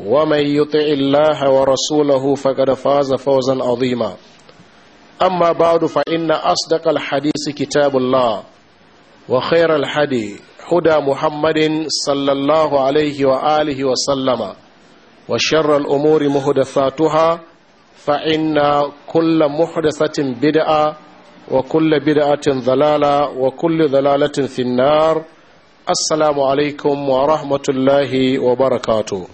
ومن يطع الله ورسوله فقد فاز فوزا عظيما أما بعد فإن أصدق الحديث كتاب الله وخير الحدي هدى محمد صلى الله عليه وآله وسلم وشر الأمور مهدثاتها فإن كل محدثة بدعة وكل بدعة ضلالة وكل ضلالة في النار السلام عليكم ورحمة الله وبركاته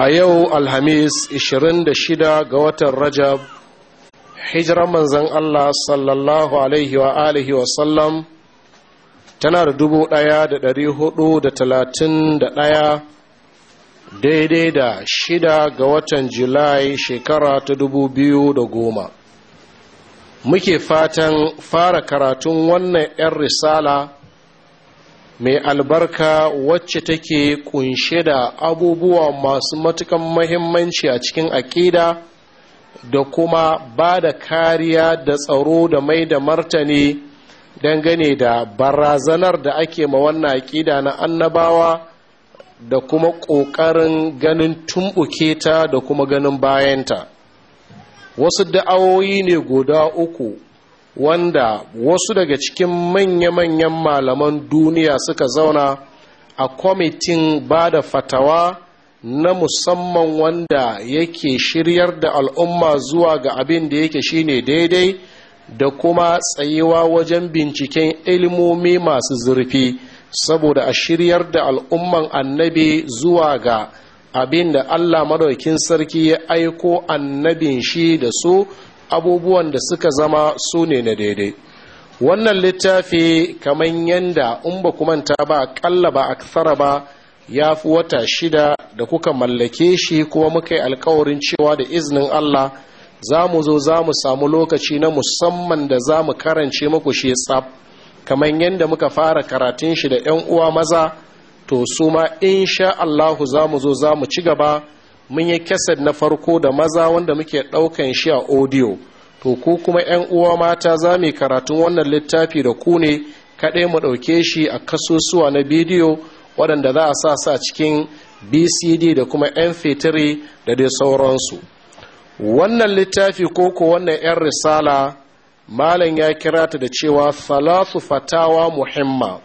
a yau alhamis 26 ga watan rajab hijiran manzan Allah sallallahu alaihi wa alihi wa sallam tana da dubu ɗaya da ɗari hudu da talatin da ɗaya daidai da shida ga watan julai shekara ta dubu biyu da goma muke fatan fara karatun wannan 'yan risala mai albarka wacce take kunshe da abubuwa masu matukan mahimmanci a cikin aƙida da kuma ba da kariya da tsaro da mai da martani dangane da barazanar da ake ma wannan aƙida na annabawa da kuma ƙoƙarin ganin tumɓuke ta da kuma ganin bayanta wasu da'awoyi ne guda uku wanda wasu daga cikin manya-manyan malaman duniya suka zauna a kwamitin ba da fatawa na musamman wanda yake shiryar da al'umma zuwa ga abin da yake shine daidai da kuma tsayewa wajen binciken ilimomi masu zurfi saboda a shiryar da al'umman annabi zuwa ga abin da allah maɗaukin sarki ya aiko annabin shi da su abubuwan da suka zama su ne na daidai wannan littafi kamar yadda in ba manta ba kalla ba aksara ba ya fi wata shida da kuka mallake shi kuma muka yi alkawarin cewa da iznin allah za mu zo za mu samu lokaci na musamman da za mu karance muku shi tsab kamar yadda muka fara karatun shi da 'yan uwa maza to su ma insha allahu za mu zo za mu ci gaba mun yi kaset na farko da maza wanda muke ɗaukan shi a audio to ku kuma 'yan uwa mata za mu karatun wannan littafi da ku ne kaɗai mu ɗauke shi a kasusuwa na bidiyo waɗanda za a sa sa cikin bcd da kuma 'yan 3 da dai sauransu wannan littafi ko ko wannan 'yan risala malam ya kira ta da cewa salatu fatawa muhimma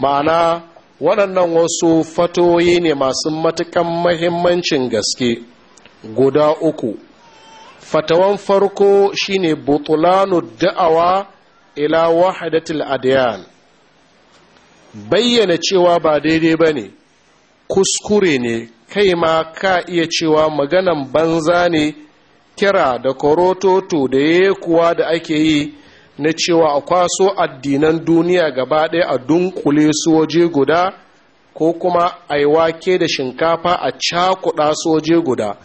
ma'ana waɗannan wasu fatoyi ne masu matukan mahimmancin gaske guda uku fatawan farko shine butulanu da'awa ila wahadatul adiyan bayyana cewa ba daidai ba ne kuskure ne kai ma ka iya cewa maganan banza ne kira da korototo da yekuwa da ake yi na cewa a kwaso addinan duniya gaba ɗaya a dunkule su waje guda ko kuma a yi wake da shinkafa a cakuɗa su waje guda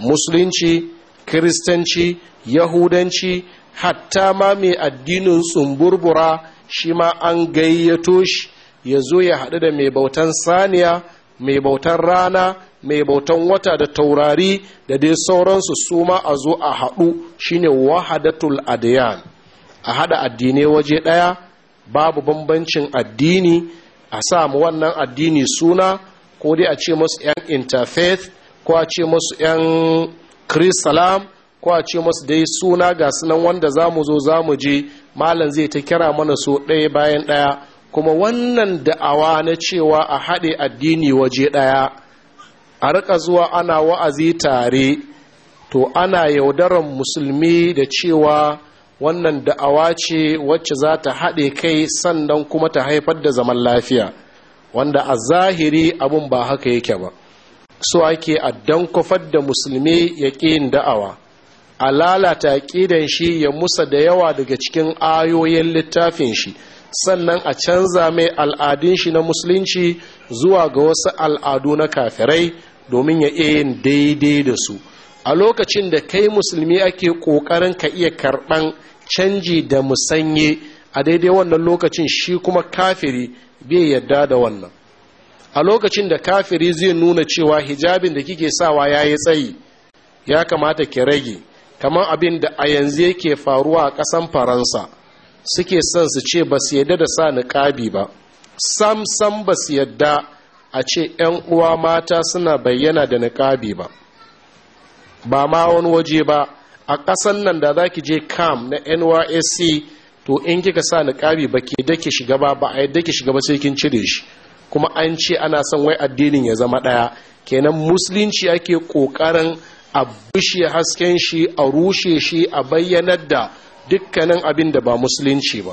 musulunci kiristanci yahudanci hatta ma mai addinin tsumburbura shi ma an gayyato shi ya zo ya haɗu da mai bautan saniya mai bautan rana mai bautan wata da taurari da dai sauransu su ma a zo a haɗu shine wahadatul adiyan a hada addinai waje ɗaya babu bambancin addini a samu wannan addini suna ko dai a ce masu 'yan interfaith ko a ce masu 'yan kristalam ko a ce masu dai suna ga sunan wanda za mu zo za mu je malam zai ta kira mana so ɗaya bayan ɗaya kuma wannan da'awa na cewa a haɗe addini waje ɗaya a rika zuwa ana wa'azi tare to ana yaudaran musulmi da cewa wannan da'awa ce wacce za ta haɗe kai sannan kuma ta haifar da zaman lafiya wanda a zahiri abin ba haka yake ba so ake addan kofar da musulmi ya yin da'awa a lalata ƙidan shi ya musa da yawa daga cikin ayoyin littafin shi sannan a canza mai al'adun shi na musulunci zuwa ga wasu al'adu na kafirai domin ya iya yin daidai da su a lokacin da kai musulmi ake ƙoƙarin ka iya karɓan canji da musanye a daidai wannan lokacin shi kuma kafiri bai yadda da wannan a lokacin da kafiri zai nuna cewa hijabin da kike sawa ya yi tsayi ya kamata ki rage kamar abin da a yanzu yake faruwa a ƙasan faransa suke son su ce ba su yadda da sa niƙabi ba sam sam ba su yadda a ce 'yan uwa mata suna bayyana da niƙabi ba ba ma wani waje ba a ƙasan nan da za ki je kam na nysc to in kika sa niƙabi ba ke dake shiga ba ba a yadda ke shiga ba sai kin cire shi kuma an ce ana son wai addinin ya zama ɗaya kenan musulunci ake ƙoƙarin a bushe hasken shi a rushe shi a bayyanar da dukkanin abin da ba musulunci ba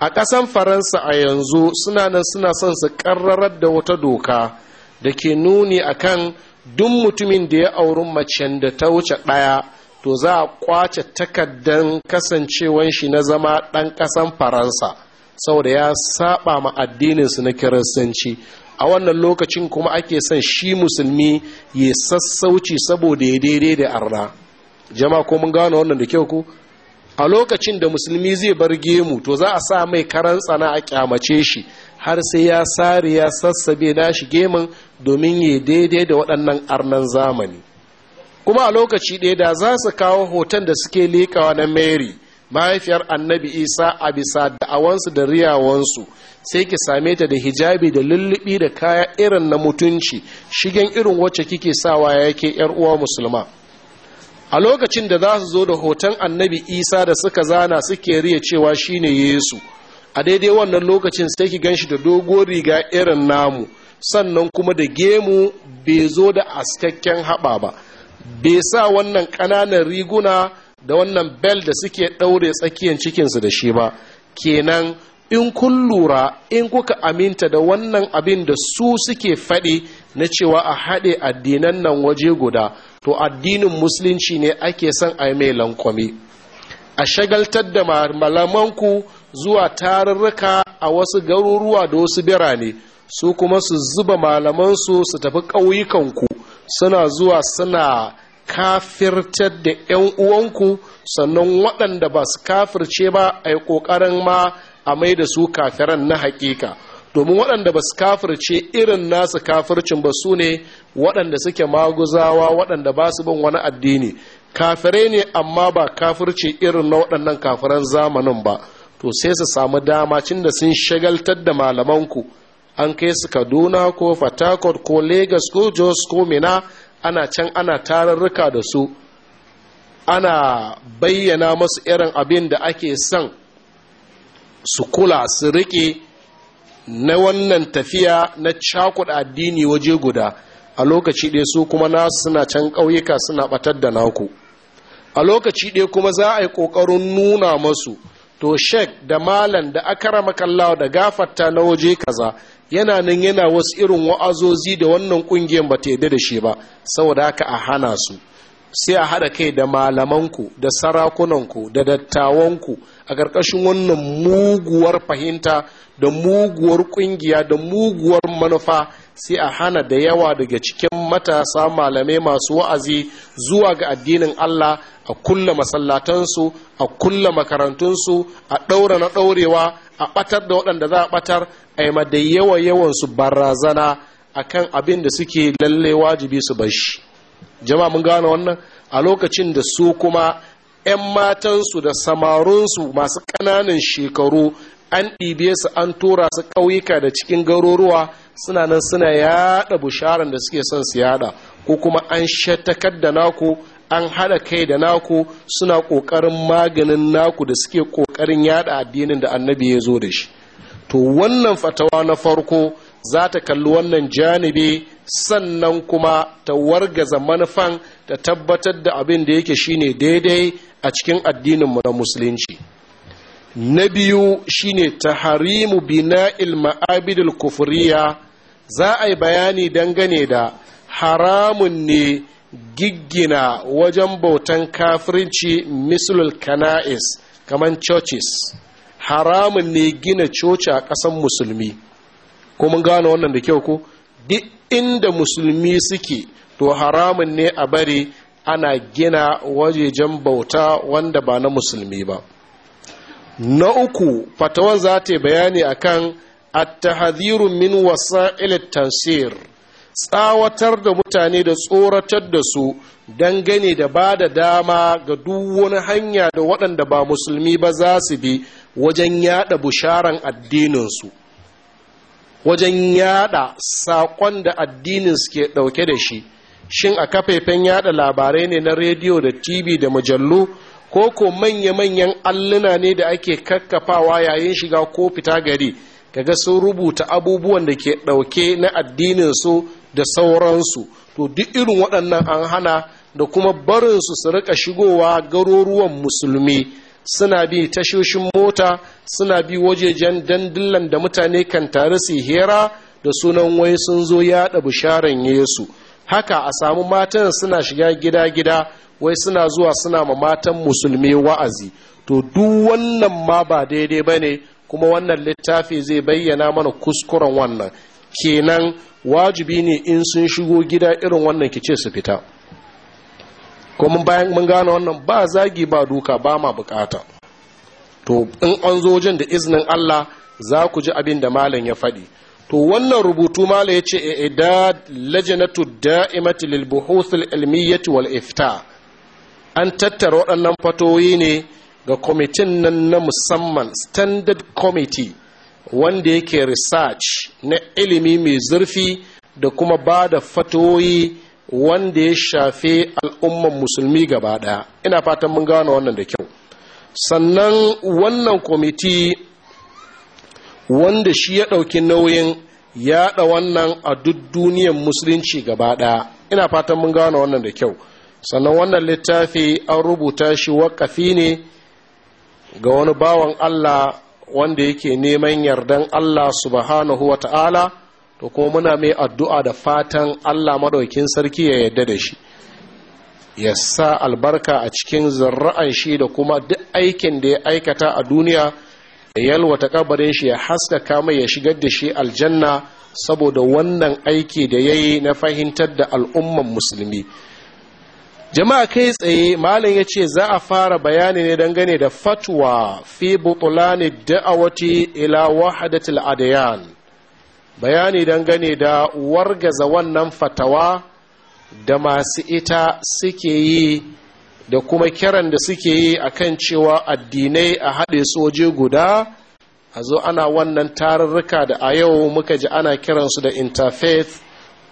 a ƙasan faransa a yanzu suna nan suna son su ƙarrarar da wata doka da ke nuni akan duk mutumin da ya auri macen da ta wuce ɗaya to za a kwace takaddan kasancewan shi na zama ɗan ƙasan faransa saboda ya saba ma addininsu na kiristanci a wannan lokacin kuma ake son shi musulmi ya sassauci saboda ya daidai da arna Jama ko mun gano wannan da kyau ku a lokacin da musulmi zai bar gemu to za a sa mai karan tsana a kyamace shi har sai ya sare ya sassabe nashi gemun domin ya daidai da waɗannan arnan zamani kuma a lokaci ɗaya da za su kawo hoton da suke leƙawa na mary mahaifiyar annabi isa a bisa da'awansu da riyawansu sai ki same ta da hijabi da lullubi da kaya irin na mutunci shigen irin wacce kike sawa yake yar uwa musulma a lokacin da za su zo da hoton annabi isa da suka zana suke riya cewa shine yesu a daidai wannan lokacin sai ki ganshi da dogo riga irin namu sannan kuma da gemu bai zo da askakken haɓa ba bai sa wannan ƙananan riguna da wannan bel da suke ɗaure tsakiyar cikinsu da shi ba kenan in kun lura in kuka aminta da wannan abin da su suke faɗi na cewa a haɗe addinan nan waje guda to addinin musulunci ne ake son a yi mai lankwami. a shagaltar da malamanku zuwa tarurruka a wasu garuruwa da wasu birane su kuma su zuba malamansu su tafi ƙauyukanku suna zuwa suna kafirtar da 'yan uwanku sannan waɗanda ba su kafirce ba a yi ƙoƙarin ma a mai da su kafiran na haƙiƙa domin waɗanda ba su kafirce irin nasu kafircin ba su ne waɗanda suke maguzawa waɗanda ba su bin wani addini kafirai ne amma ba kafirce irin na waɗannan kafiran zamanin ba to sai su samu dama cin da sun shagaltar da malamanku an kai su kaduna ko fatakot ko Legas ko jos ko mina ana can ana tararruka da su ana bayyana masu irin abin da ake son su kula su riƙe na wannan tafiya na cakuɗa addini waje guda a lokaci ɗaya su kuma nasu suna can ƙauyuka suna ɓatar da naku a lokaci ɗaya kuma za a yi ƙoƙarin nuna masu to shek da malam da aka rama kallawa da gafarta na waje kaza yana nan yana wasu irin wa'azozi da wannan kungiyar ba ta yarda da shi ba saboda haka a hana su sai a haɗa kai da malamanku da sarakunanku da dattawanku a ƙarƙashin wannan muguwar fahimta da muguwar ƙungiya da muguwar manufa sai a hana da yawa daga cikin matasa malamai masu wa'azi zuwa ga addinin Allah a kulla masallatansu a kulla makarantunsu a ɗaura na ɗaurewa a ɓatar da waɗanda za a ɓatar a yi da yawan yawansu barazana a kan abin da suke lalle wajibi su bashi jama'a mun gane wannan a lokacin da su kuma 'yan matansu da samarunsu masu ƙananan shekaru an ɗibe su an tura su ƙauyuka da cikin garuruwa suna nan suna yaɗa bisharar da suke son su yaɗa ko kuma an shatakar da naku an haɗa kai da naku suna ƙoƙarin maganin naku da suke ƙoƙarin yada addinin da annabi ya zo da shi to wannan fatawa na farko za ta kalli wannan janibi sannan kuma ta wargaza manufan ta tabbatar da abin da yake shine daidai a cikin addinin mu na musulunci na biyu shine taharimu bina'il ma'abidul kufuriya za a yi bayani dangane da haramun ne giggina wajen bautan kafirci mislul kana'is kamar churches haramun ne gina coci a ƙasan musulmi ko mun gano wannan da kyau ko duk inda musulmi suke to haramun ne a bari ana gina wajejen bauta wanda ba na musulmi ba na uku fatawan za ta bayani akan at hadiru min wasa'il tansir tsawatar da mutane da tsoratar da su dangane da ba da dama ga duk wani hanya da waɗanda ba musulmi ba za su bi wajen yada busharan addininsu wajen yada saƙon da addinin ke ɗauke da shi shin a kafafen yada labarai ne na rediyo da tv da mujallu ko ko manya-manyan alluna ne da ake kakkafawa yayin shiga ko fita gari kaga sun rubuta abubuwan da ke ɗauke na addinin su da sauransu to duk irin waɗannan an hana da kuma barinsu su rika shigowa garuruwan musulmi suna bi tashoshin mota suna bi wajejen dandulan da mutane kan tare su hera da sunan wai sun zo yaɗa bisharan yesu haka a samu matan suna shiga gida-gida wai suna zuwa suna ma matan musulmi wa'azi to duk wannan ma ba daidai ba ne kuma wannan littafi zai bayyana mana kuskuren wannan kenan wajibi ne in sun shigo gida irin wannan ki ce su fita kuma bayan mun gane wannan ba zagi ba duka ba ma bukata to in an zo wajen da iznin Allah za ku ji abin da malam ya faɗi to wannan rubutu malam ya ce idad e, e, lajnatu da'imati lil buhuth al ilmiyyah wal ifta an tattara waɗannan fatoyi ne ga kwamitin nan na musamman standard committee wanda yake research na ilimi mai zurfi da kuma ba da fatoyi wanda ya shafe al'umman musulmi gaba ɗaya ina fatan mun gano wannan da kyau sannan wannan kwamiti wanda shi ya ɗauki nauyin yaɗa wannan a duk duniyar musulunci gaba ɗaya ina fatan mun gano wannan da kyau sannan wannan littafi an rubuta shi waƙafi ne ga wani bawan Allah wanda yake neman yardan Allah subhanahu wa ta'ala to kuma muna mai addu'a da fatan Allah maɗaukin sarki ya yadda da shi ya sa albarka a cikin zarra'an shi da kuma duk aikin da ya aikata a duniya da yalwata kabarin shi ya haskaka mai ya shigar da shi aljanna saboda wannan aiki da ya yi na fahimtar da al'umman musulmi jama'a kai tsaye malam ya ce za a fara bayani ne dangane da fatwa fi butulani da'awati ila wahadatul adiyan bayani dangane da wargaza wannan fatawa da masu ita suke yi da kuma kiran da suke yi akan cewa addinai a haɗe soje guda a zo ana wannan tarurruka da a yau muka ji ana kiransu da interfaith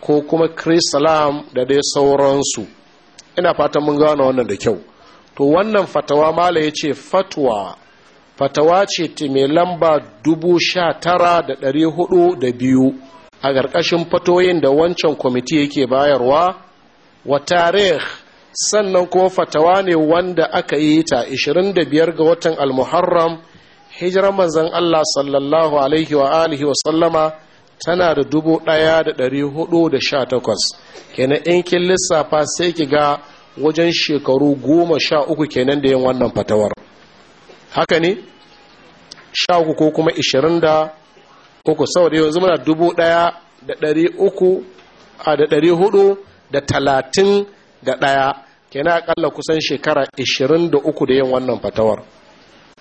ko kuma chrislam da dai sauransu ina fatan mun gano wannan da kyau to wannan fatawa mala ya ce fatwa fatawa ce ta mai lamba dubu sha tara da ɗari hudu da biyu a ƙarƙashin fatoyin da wancan kwamiti yake bayarwa wa tarih sannan kuma fatawa ne wanda aka yi ta 25 ga watan almuharram hijiran manzan allah sallallahu alaihi wa alihi wa sallama tana da dubu ɗaya da ɗari hudu da sha takwas kenan in kin lissafa sai ki ga wajen shekaru goma sha uku kenan da yin wannan fatawar haka ne sha uku ko kuma ishirin da uku saboda yanzu muna dubu ɗaya da ɗari uku a da ɗari hudu da talatin da ɗaya kenan akalla kusan shekara ishirin da uku da yin wannan fatawar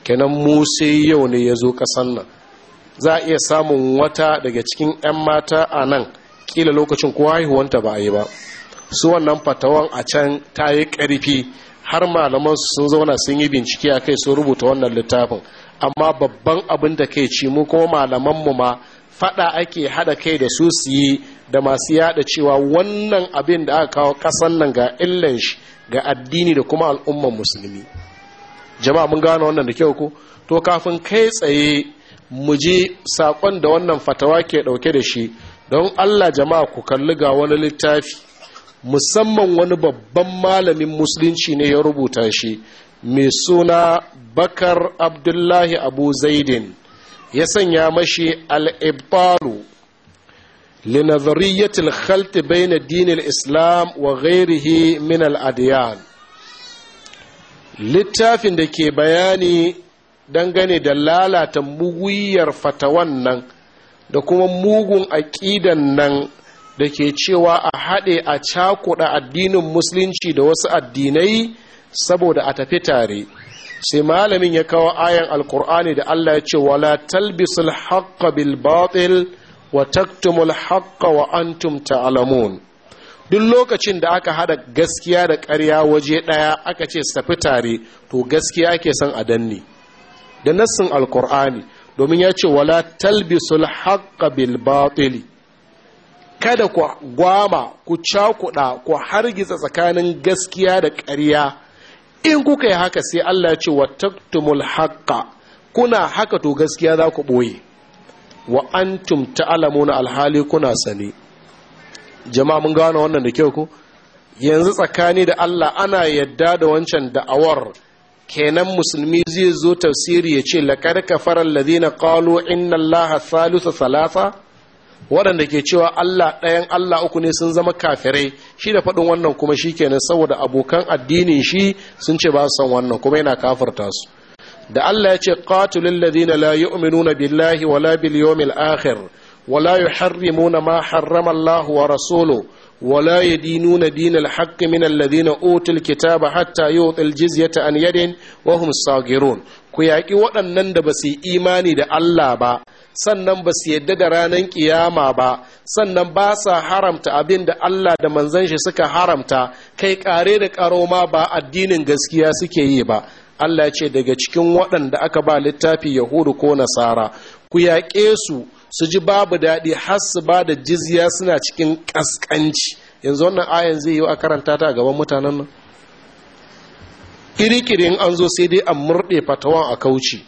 kenan Musa yau ne ya zo kasan nan za a iya samun wata daga cikin 'yan mata a nan kila lokacin ko haihuwanta ba a yi ba su wannan fatawan a can ta yi ƙarfi har malaman sun zauna sun yi bincike a kai sun rubuta wannan littafin amma babban abin da kai ci mu kuma mu ma fada ake hada kai da su su yi da masu yada cewa wannan abin da aka kawo kasan nan ga illan shi ga addini da kuma al'umman musulmi jama'a mun gano wannan da kyau ko to kafin kai tsaye mu ji saƙon da wannan fatawa ke ɗauke da shi don allah jama'a ku kalli ga wani littafi musamman wani babban malamin musulunci ne ya rubuta shi mai suna bakar abdullahi abu zaidin ya sanya mashi al'ibbalu linazariyyatil khalti bayna dinil islam wa ghairihi min al'adiyan littafin da ke bayani dangane da lalata muguyar fatawan nan da kuma mugun aƙidan nan da ke cewa a haɗe a cakuɗa addinin musulunci da wasu addinai saboda a tafi tare sai malamin ya kawo ayan alkur'ani da allah ya ce wala talbisul haqqa bil batil wa taktumul haqqa wa antum ta'lamun duk lokacin da aka haɗa gaskiya da ƙarya waje ɗaya aka ce su tafi tare to gaskiya ake son a danne da nassin alkur'ani domin ya ce wala talbisul haqqa bil batili kada ku gwama ku cakuɗa ku hargitsa tsakanin gaskiya da ƙarya in kuka yi haka sai Allah ya ce wa taktumul haqqa kuna haka to gaskiya za ku ɓoye wa antum ta'lamuna alhali kuna sani jama'a mun gano wannan da kyau ku yanzu tsakani da Allah ana yadda da wancan da'awar kenan musulmi zai zo tafsiri ya ce laƙar kafarar lazina ƙalo inna Allah Salisu salasa waɗanda ke cewa Allah ɗayan Allah uku ne sun zama kafirai shi da faɗin wannan kuma shi kenan saboda abokan addinin shi sun ce ba su san wannan kuma yana kafarta su da Allah ya ce qatilul ladina la yu'minuna billahi wala bil yawmil akhir wala yuharrimuna ma harrama Allah wa rasuluhu ولا يدينون دين الحق من الذين أوتوا الكتاب حتى يعطوا الجزية عن يد وهم صاغرون ku yaƙi waɗannan da ba su yi imani da Allah ba sannan ba su yadda da ranar ƙiyama ba sannan ba sa haramta abin da Allah da manzon shi suka haramta kai ƙare da ƙaro ma ba addinin gaskiya suke yi ba Allah ce daga cikin waɗanda aka ba littafi yahudu ko nasara ku yaƙe su su ji babu daɗi har su ba da jizya suna cikin ƙasƙanci yanzu wannan ayan zai yi a karanta ta gaban mutanen nan kirikirin an zo sai dai a murɗe fatawan a kauci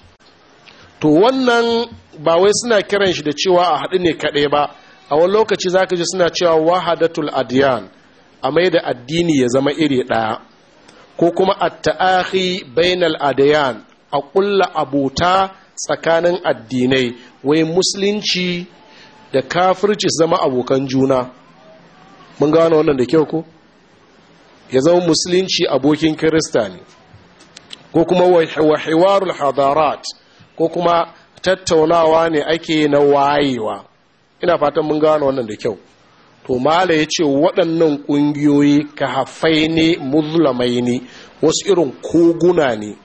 to wannan ba wai suna kiran shi da cewa a haɗu ne kaɗai ba a wani lokaci za ka ji suna cewa wahadatul adiyan a mai da addini ya zama iri ɗaya ko kuma at-ta'ahi bainal adiyan a ƙulla abota tsakanin addinai wai musulunci da kafirci zama abokan juna mun gano wannan da kyau ko ya zama musulunci abokin kirista ne ko kuma wahiwarul hadarat ko kuma tattaunawa ne ake na wayewa ina fatan mun gano wannan da kyau to mala ya ce waɗannan ƙungiyoyi ka haifai ne muzlamai ne wasu irin koguna ne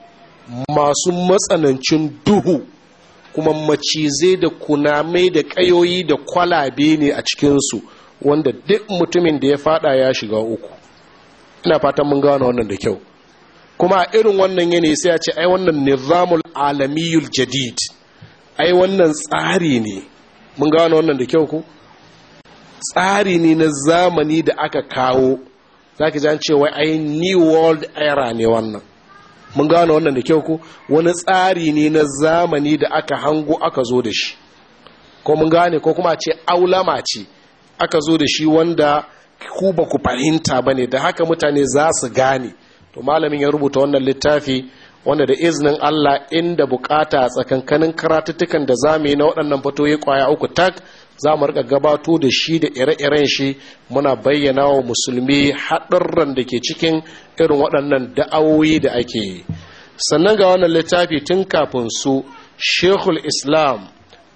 masu matsanancin duhu kuma macizai da kunamai da ƙayoyi da kwalabe ne a cikinsu wanda duk mutumin da ya fada ya shiga uku ina fatan mun gano wannan da kyau kuma a irin wannan yanayi sai a ce ai wannan nizamul alamiyul jadid ai wannan tsari ne mun gano wannan da kyau ku tsari ne na zamani da aka kawo zaki ji cewa ce wai ai new world era ne wannan mun gano wannan da kyau ko wani tsari ne na zamani da aka hango aka zo da shi ko mun gane ko kuma ce aulama ce aka zo da shi wanda ku ba ku fahimta ba ne da haka mutane za su gane to malamin ya rubuta wannan littafi wanda da iznin Allah inda bukata a tsakankanin karatuttukan da za yi na waɗannan fatoyi kwaya uku tak za mu rika gabato da shi da ire-iren shi muna bayyana wa musulmi haɗurran da ke cikin irin waɗannan da'awoyi da ake yi sannan ga wannan littafi tun kafin su shekul islam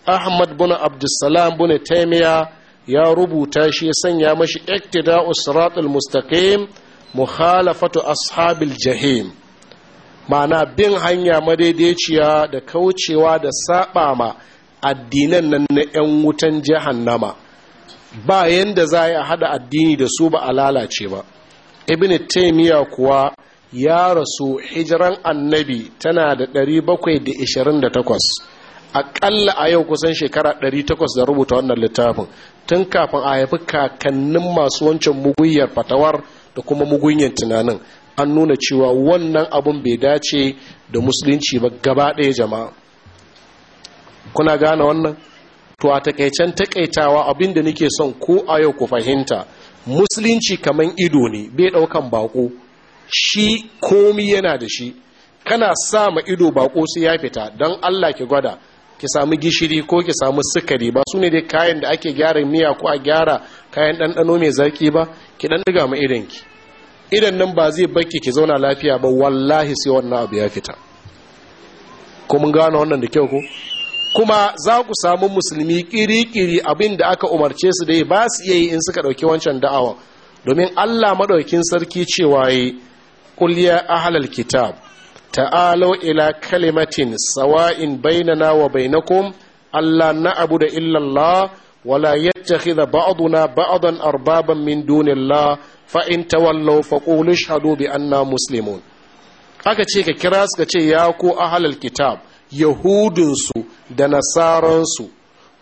ahmad bin abdulsalam bin taimiya ya rubuta shi ya sanya mashi iktida'u siratul mustaqim muhalafatu ashabil jahim ma'ana bin hanya madaidaiciya da kaucewa da saɓa ma addinan nan na 'yan wutan nama, ba yadda za a hada addini da su ba a lalace ba ibn taimiyya kuwa ya rasu hijiran annabi tana da 728 aƙalla a yau kusan shekara 800 da rubuta wannan littafin tun kafin a haifi kakannin masu wancan muguyar fatawar da kuma muguyar tunanin an nuna cewa wannan abun bai dace da musulunci ba gaba ɗaya jama'a kuna gane wannan to a takaicen takaitawa abinda nake son ko a yau ku fahimta musulunci kamar ido ne bai daukan bako shi komi yana da shi kana sa ma ido bako sai ya fita don Allah ki gwada ki samu gishiri ko ki samu sukari ba su ne dai kayan da ake gyara miya ko a gyara kayan ɗanɗano mai zaki ba ki ɗan daga ma idan nan ba zai barki ki zauna lafiya ba wallahi sai wannan abu ya fita ko mun gano wannan da kyau ko kuma za ku samu musulmi kiri-kiri abin da aka umarce su dai ba su iya yi in suka ɗauki wancan da'awa. domin allah maɗaukin sarki cewa yi a halal kitab ta'alau ila kalimatin sawa'in bainana wa bainakum allah na abu da illallah ولا يتخذ min بعضا أربابا fa in الله فإن تولوا فقولوا اشهدوا بأننا مسلمون haka ce ka kira suka ce ya ku ahlal kitab yahudinsu da nasaransu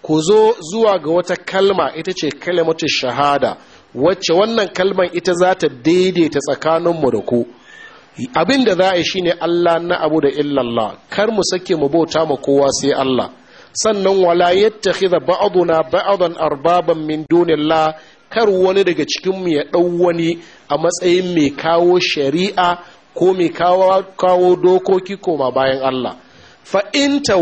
ku zo zuwa ga wata kalma ita ce kalmatu shahada wacce wannan kalman ita za ta daidaita tsakaninmu da ku abin da za a yi shine Allah na abu da illallah kar mu sake mu bauta ma kowa sai Allah sannan wala yadda yattakhidha na ba'adan arbaban min dunillah kar wani daga cikin mu ya dau wani a matsayin mai kawo shari'a ko mai kawo dokoki koma bayan Allah fa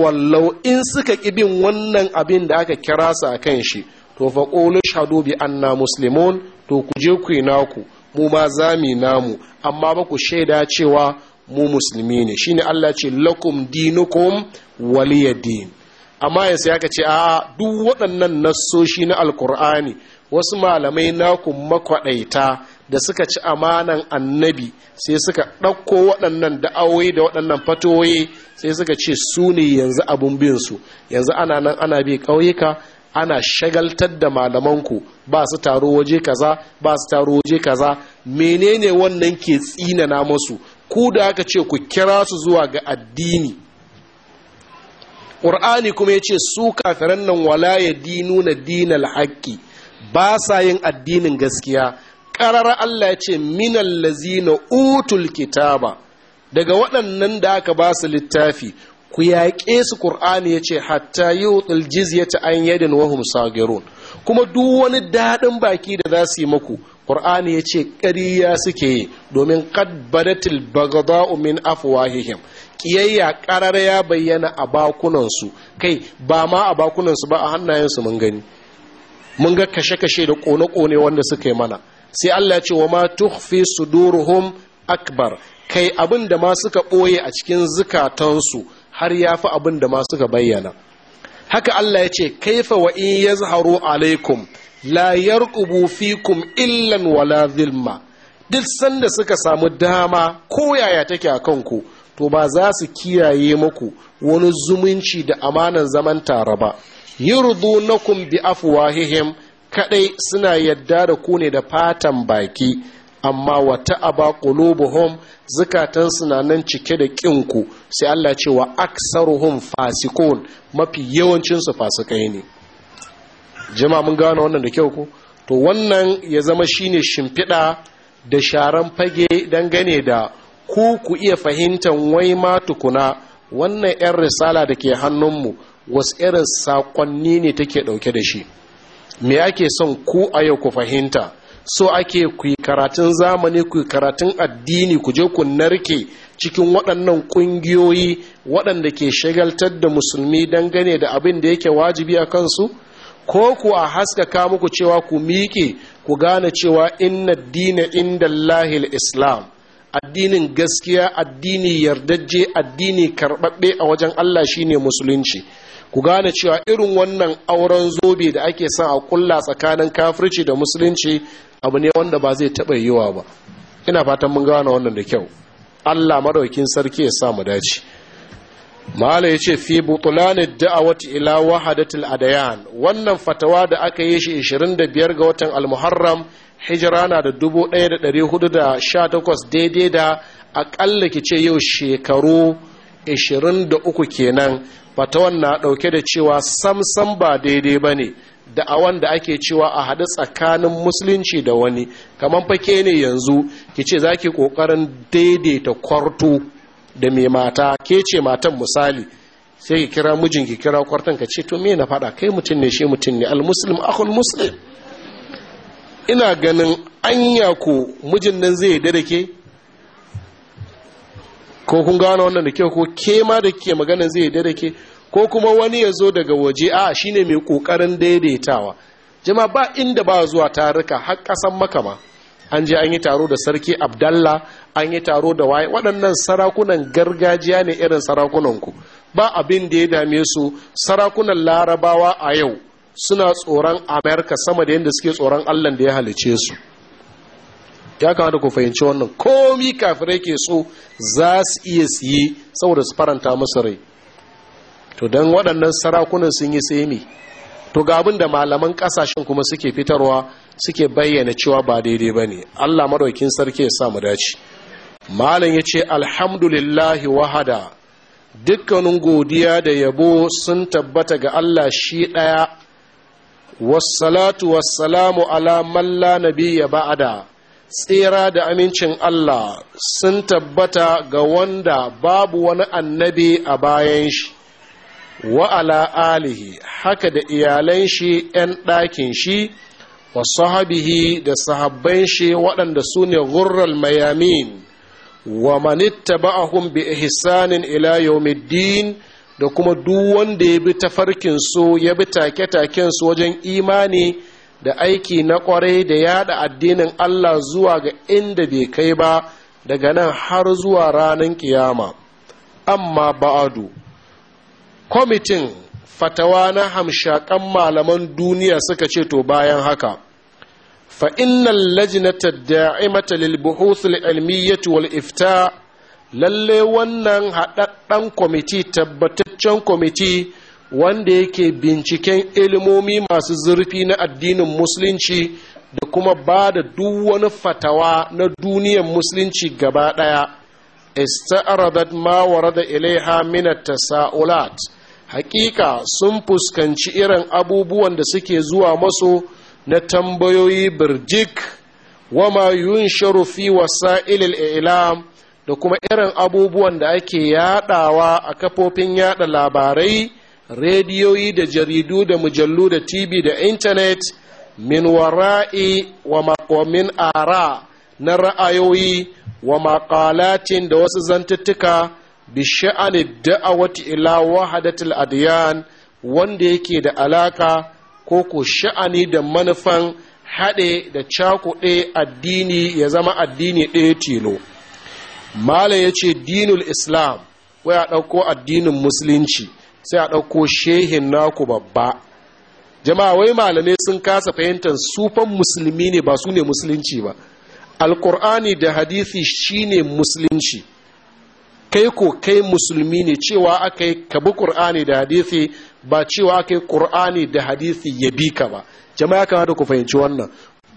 wallau in suka bin wannan abin da aka kira su a kan shi to fa qulu shahadu bi anna muslimun to ku je ku naku mu ma za yi namu amma ba ku shaida cewa mu musulmi ne shine Allah ce lakum dinukum waliyadin amma yanzu ya ce a duk waɗannan nassoshi na alkur'ani wasu malamai naku makwaɗaita da suka ci amanan annabi sai suka ɗauko waɗannan da'awoyi da waɗannan fatoyi sai suka ce su ne yanzu abun bin su yanzu ana nan ana bi ƙauyuka ana shagaltar da malamanku ba su taro waje kaza ba su taro waje kaza menene wannan ke tsinana masu ku da aka ce ku kira su zuwa ga addini ƙur'ani kuma ya ce su kafiran nan wala ya dinu na dinal haƙƙi ba sa yin addinin gaskiya ƙarar Allah ya ce minal lazina utul kitaba daga waɗannan da aka ba su littafi ku yaƙe su ƙur'ani ya ce hatta yi wutul jizya ta an yadin wahum sagirun kuma duk wani daɗin baki da za su yi maku ƙur'ani ya ce ƙariya suke yi domin ƙadbadatil badatil min afwahihim kiyayya ƙarar ya bayyana a bakunansu kai ba ma a bakunansu ba a hannayensu mun gani mun ga kashe-kashe da ƙone-ƙone wanda suka yi mana sai Allah ce wa ma tuhfi suduruhum akbar kai abin da ma suka ɓoye a cikin zukatansu har ya fi abin da ma suka bayyana haka Allah ya ce kaifa wa in ya zaharo alaikum la yarqubu fikum illan wala zilma duk sanda suka samu dama ko yaya take a kanku to ba za su kiyaye muku wani zumunci da amanan zaman tare ba yurdunakum bi afwahihim kadai suna yadda da ku ne da fatan baki amma wata aba qulubuhum zukatan suna nan cike da ku sai Allah ce wa aksaruhum fasikun mafi yawancinsu fasikai ne jama'a mun gano wannan da kyau ko to wannan ya zama shine shimfiɗa da sharan fage gane da ku ku iya fahimtan wai ma tukuna wannan 'yan risala da ke hannunmu wasu irin saƙonni ne take ɗauke da shi me ake son ku a yau ku fahimta so ake ku karatun zamani ku karatun addini ku je ku narke cikin waɗannan ƙungiyoyi waɗanda ke shagaltar da musulmi dangane da abin da yake wajibi a kansu ko ku a haskaka muku cewa ku miƙe ku gane cewa inna dina inda lahil islam addinin gaskiya addini yardajje addini karɓaɓɓe a wajen allah shine musulunci ku gane cewa irin wannan auren zobe da ake son a kulla tsakanin kafirci da musulunci abu ne wanda ba zai taɓa yiwa ba ina fatan mun gane wannan da kyau allah madaukin sarki ya sa mu dace mahala ya ce fi butulani da'awati ila wahadatul adayan wannan fatawa da aka yi shi 25 ga watan almuharram hijira na da 1418 daidai da akalla ki ce yau shekaru 23 kenan fatawan na dauke da cewa samsam ba daidai ba ne Da a wanda ake cewa a haɗu tsakanin musulunci da wani kamar fake ne yanzu ki ce za ki ƙoƙarin daidaita kwarto da mai mata ke ce matan misali sai ki kira mijin ki kira kwarton ka ce to me na faɗa kai mutum ne shi mutum ne almuslim akul muslim ina ganin anya ko mijin nan zai yarda da ke ko kun gano wannan da ke ko ke ma da ke maganin zai yarda da ke ko kuma wani ya zo daga waje a shine mai kokarin daidaitawa jama ba inda ba zuwa taruka har kasan makama an je an yi taro da sarki abdallah an yi taro da waye waɗannan sarakunan gargajiya ne irin sarakunanku ba abin da ya dame su sarakunan larabawa a yau suna tsoron amerika sama da yadda suke tsoron allah da ya halice su ya kamata ku fahimci wannan komi kafirai ke so za su iya siye saboda su faranta musu rai to don waɗannan sarakunan sun yi sai to ga abin da malaman ƙasashen kuma suke fitarwa suke bayyana cewa ba daidai ba ne allah maɗaukin sarki ya sa dace malam ya ce alhamdulillahi wahada dukkanin godiya da yabo sun tabbata ga allah shi ɗaya wassalatu wassalamu ala malla nabiya ba'ada tsira da amincin Allah sun tabbata ga wanda babu wani annabi a bayan shi wa ala alihi haka da iyalan shi 'yan ɗakin shi wa sahabihi da sahabban shi waɗanda su ne gurral mayamin wa manitta ba'ahum bi ihsanin ila yawmiddin da kuma duk wanda ya bi tafarkin su ya bi take-taken su wajen imani da aiki na kwarai da yada addinin Allah zuwa ga inda bai kai ba daga nan har zuwa ranar kiyama amma ba'adu kwamitin fatawa na hamshakan malaman duniya suka ce to bayan haka fa innal lajnata da'imata lil buhuth al ilmiyyah wal ifta lalle wannan haɗaɗɗen kwamiti tabbataccen kwamiti wanda yake binciken ilimomi masu zurfi na addinin musulunci da kuma ba da duk wani fatawa na duniyar musulunci gaba ɗaya ista'aradat ma warada ilaiha min tasaulat hakika sun fuskanci irin abubuwan da suke zuwa masu na tambayoyi birjik wama sharufi wasa wasa'ilil ilam da kuma irin abubuwan da ake yadawa a kafofin yada labarai rediyoyi da jaridu da mujallu da tv da intanet min wara'i wa makomin ara na ra'ayoyi wa maƙalatin da wasu zantuttuka bishani da'awati ila wahadatul adiyan wanda yake da alaƙa ko ko sha'ani da manufan haɗe da cakuɗe addini ya zama addini ɗaya tilo mala ya ce dinul islam wai a ɗauko addinin musulunci sai a ɗauko shehin naku babba jama'a wai malamai sun kasa fahimtar sufan musulmi ne ba su ne musulunci ba Alƙur'ani da hadisi shine musulunci kai ko kai musulmi ne cewa aka yi kabi ƙur'ani da hadisi ba cewa aka yi ƙur'ani da hadisi ya bi ka ba jama'a ya kamata ku fahimci wannan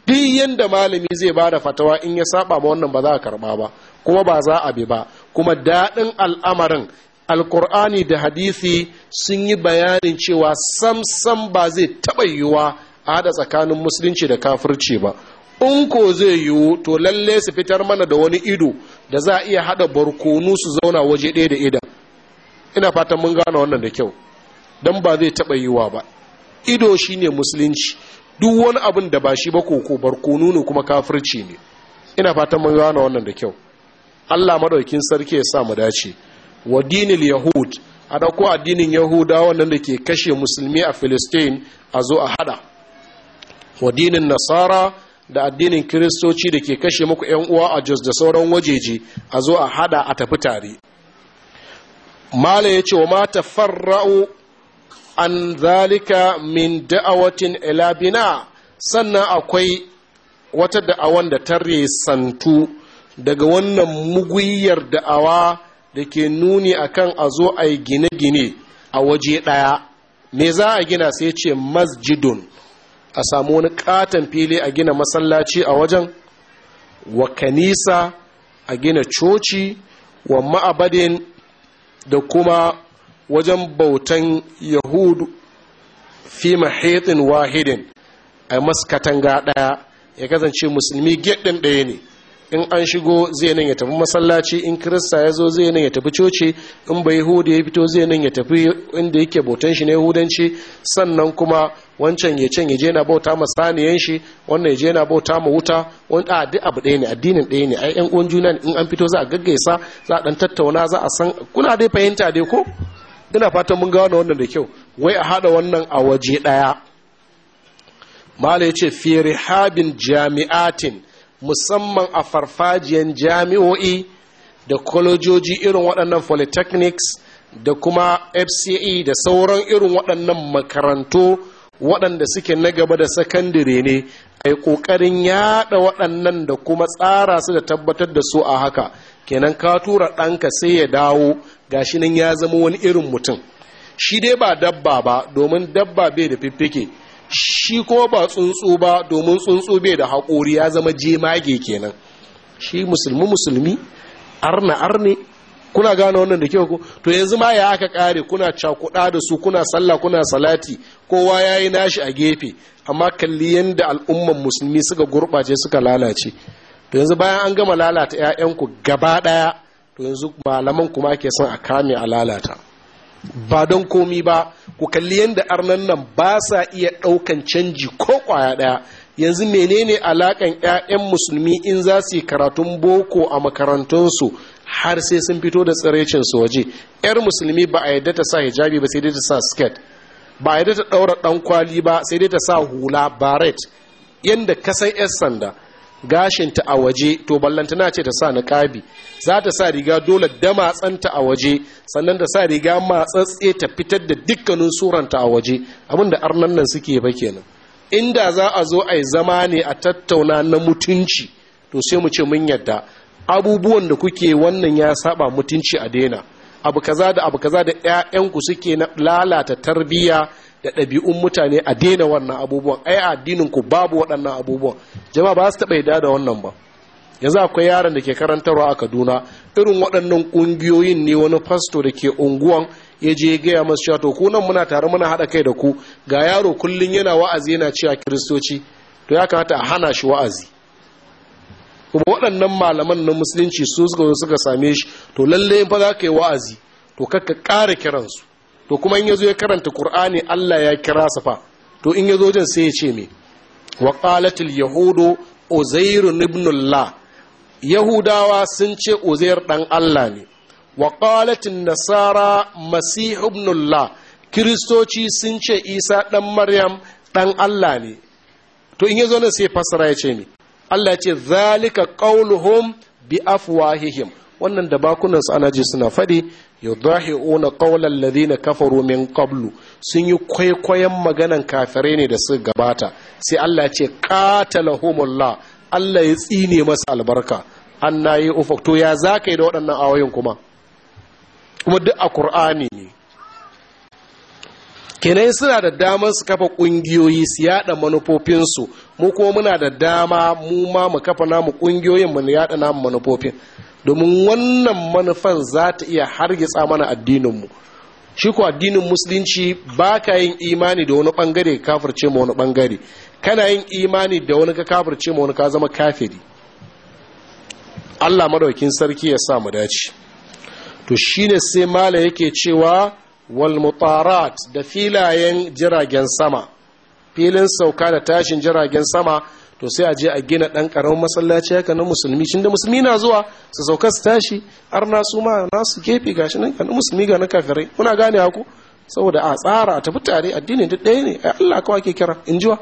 duk yadda malami zai ba da fatawa in ya saba ma wannan ba za a karba ba kuma ba za a bi ba kuma daɗin al'amarin alkur'ani da hadisi sun yi bayanin cewa samsam ba zai taɓa yiwuwa a haɗa tsakanin musulunci da kafirci ba in ko zai yiwu to lalle su fitar mana da wani ido da za a iya haɗa barkonu su zauna waje ɗaya da idan ina fatan mun gane wannan da kyau don ba zai taɓa yiwa ba ido shi ne musulunci duk wani abin da ba shi ba koko barkonu ne kuma kafirci ne ina fatan mun gane wannan da kyau Allah madaukin sarki ya sa mu dace wa dinil yahud a dauko addinin Yahuda wannan da ke kashe musulmi a Filistin a zo a hada wa dinin nasara da addinin kiristoci da ke kashe muku yan uwa a jos da sauran wajeji a zo a hada a tafi tare mala ya ce wa mata farra'u an zalika min da'awatin ilabina sannan akwai wata da'awan da ta santu daga wannan muguyar da'awa da ke nuni akan a zo a yi gine-gine a waje ɗaya me za a gina sai ce masjidun a samu wani katon fili a gina masallaci a wajen wa kanisa a gina coci wa ma'abadin da kuma wajen bautan yahudu fi mahaifin wahidin a maskatanga ɗaya ya kasance musulmi gyaɗin ɗaya ne in an shigo zai nan ya tafi masallaci in kirista ya zo zai nan ya tafi coci in bai yahudu ya fito zai nan ya tafi inda yake bautan shi na yahudanci sannan kuma wancan ya can ya je na bauta ma saniyan shi wannan ya je na bauta ma wuta wani a duk abu ɗaya ne addinin ɗaya ne ai yan uwan juna in an fito za a gaggaisa za a dan tattauna za a san kuna dai fahimta dai ko ina fatan mun gano wannan da kyau wai a hada wannan a waje ɗaya mala ya ce fi rihabin jami'atin musamman a farfajiyan jami'o'i da kolojoji irin waɗannan polytechnics da kuma fce da sauran irin waɗannan makarantu waɗanda suke na gaba da sakandire ne a yi ƙoƙarin yaɗa waɗannan da kuma tsara su da tabbatar da su a haka kenan ka tura ɗanka sai ya dawo gashi nan ya zama wani irin mutum shi dai ba dabba ba domin dabba bai da fiffike shi ko ba tsuntsu ba domin tsuntsu bai da haƙori ya zama jemage kenan shi musulmi musulmi arna arne kuna gane wannan da kyau to yanzu ma ya aka kare kuna cakuɗa da su kuna sallah kuna salati kowa ya yi nashi a gefe amma kalli yadda al'umman musulmi suka gurɓace suka lalace to yanzu bayan an gama lalata 'ya'yanku gaba ɗaya to yanzu malaman kuma ke son a kame a lalata ba don komi ba ku kalli yadda arnan nan ba sa iya ɗaukan canji ko kwaya ɗaya yanzu menene alaƙan 'ya'yan musulmi in za su yi karatun boko a makarantunsu har sai sun fito da tsirrecin su waje 'yar musulmi ba a yadda ta sa hijabi ba sai dai ta sa skirt ba a yadda ta ɗaura ɗan kwali ba sai dai ta sa hula baret yadda kasan 'yan sanda gashinta a waje to ballantana ce ta sa ƙabi. za ta sa riga dole damatsanta a waje sannan da sa riga matsatse ta fitar da dukkanin suranta a waje abinda arnan nan suke ba kenan inda za a zo a yi zama ne a tattauna na mutunci to sai mu ce mun yadda abubuwan da kuke wannan ya saba mutunci a daina abu kaza da abu kaza da ƴaƴanku suke lalata tarbiyya da ɗabi'un mutane a daina wannan abubuwan ai a addinin ku babu waɗannan abubuwan jama'a ba su taɓa yi da wannan ba yanzu akwai yaron da ke karantarwa a kaduna irin waɗannan ƙungiyoyin ne wani fasto da ke unguwan ya je gaya masu cewa to ku nan muna tare muna haɗa kai da ku ga yaro kullum yana wa'azi yana cewa kiristoci to ya kamata a hana shi wa'azi kuma waɗannan malaman na musulunci su suka suka same shi to lallai fa za ka yi wa'azi to kakka ƙara kiransu to kuma in yazo ya karanta qur'ani Allah ya kira sa fa to in yazo jin sai ya ce me wa qalatil yahudu uzair ibn Allah yahudawa sun ce uzair dan Allah ne wa qalatin nasara masih ibn Allah kristoci sun ce isa dan maryam dan Allah ne to in yazo nan sai fasara ya ce me Allah ya ce zalika qauluhum bi afwahihim wannan da bakunansu ana ji suna faɗi yudahi'una qawla alladhina kafaru min qablu sun yi kwaikwayon maganan kafirai ne da suka gabata sai Allah ya ce qatalahumullah Allah ya tsine masa albarka anna yi ufakto ya zaka da waɗannan ayoyin kuma kuma duk a Qur'ani ne kenan suna da damar su kafa kungiyoyi su yaɗa manufofinsu mu kuma muna da dama mu ma mu kafa namu kungiyoyin mu yada namu manufofin domin wannan manufan za ta iya hargitsa mana addininmu shi ko addinin musulunci ba ka yin imani da wani bangare ka kafirce ma wani bangare kana yin imani da wani ka kafirce ma wani ka zama kafiri Allah madaukin sarki ya sa dace to shine sai mala yake cewa wal mutarat da filayen jiragen sama filin sauka da tashin jiragen sama to sai a je a gina ɗan ƙaramin masallaci haka na musulmi Shin da musulmi na zuwa su sauka su tashi har na ma na su gefe gashi nan kan musulmi ga na kafirai kuna gane ku saboda a tsara a tafi tare addini duk ɗaya ne ai Allah kawai ke kira in jiwa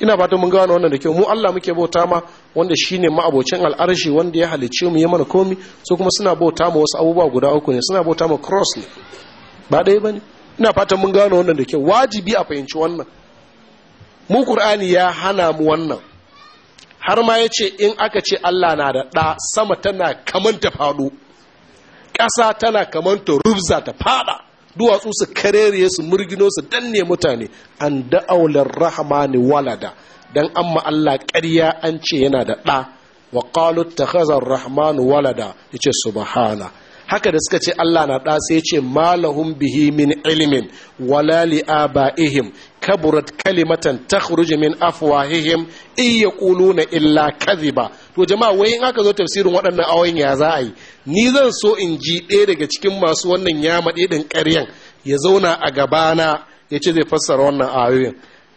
ina fatan mun gane wannan da kyau mu Allah muke bauta ma wanda shine ma'abocin al'arshi wanda ya halicce mu ya mana komi su kuma suna bauta ma wasu abubuwa guda uku ne suna bauta ma cross ne ba ɗaya bane ina fatan mun gane wannan da kyau wajibi a fahimci wannan mu ƙur'ani ya hana mu wannan har ma ya ce in aka ce allah na da ɗa sama tana kamanta faɗo ƙasa tana kamanta rubza ta faɗa duwatsu su karere su murgino su danne mutane an da'aular rahmani walada don amma allah ƙarya an ce yana da ɗa wa ta takhazar rahmanu walada yace subhana haka da suka ce Allah na ɗa sai ce malahun bihi min ilimin wala li abaihim kaburat kalimatan takhruju min iya in na illa kaziba to jama'a wai in aka zo tafsirin waɗannan awon ya za a yi ni zan so in ji ɗaya daga cikin masu wannan yamaɗe ɗin ƙaryan ya zauna a gabana ya ce zai fassara wannan ayoyin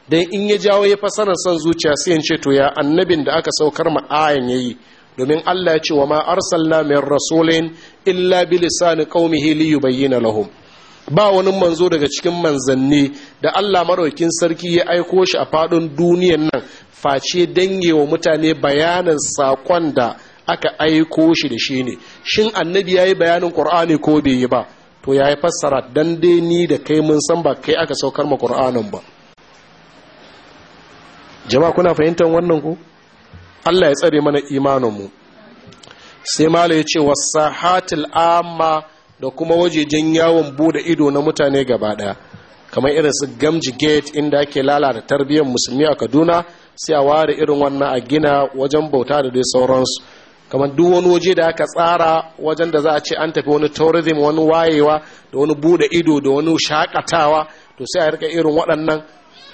dan in ya jawo ya fassara son zuciya sai in ce to ya annabin da aka saukar ma ayan yi. domin Allah ya ce wa ma arsalna min rasulin illa bilisani lisani qaumihi liyubayyana lahum ba wani manzo daga cikin manzanni da Allah maraukin sarki ya aiko shi a faɗin duniyan nan face wa mutane bayanin sakon da aka aiko shi da shi ne shin annabi ya yi bayanin ƙur'ani ko bai yi ba to ya yi fassara dan dai ni da kai mun san ba kai aka saukar ma ƙur'anin ba jama'a kuna fahimtar wannan ku Allah ya tsare mana imaninmu sai mala ya ce hatil amma da kuma wajejen yawon bude ido na mutane gaba daya kamar irin su gamji gate inda ake lalata tarbiyyar musulmi a kaduna sai a ware irin wannan a gina wajen bauta da dai sauransu kamar duk wani waje da aka tsara wajen da za a ce an tafi wani tourism wani wayewa da wani bude ido da wani shakatawa to sai a rika irin waɗannan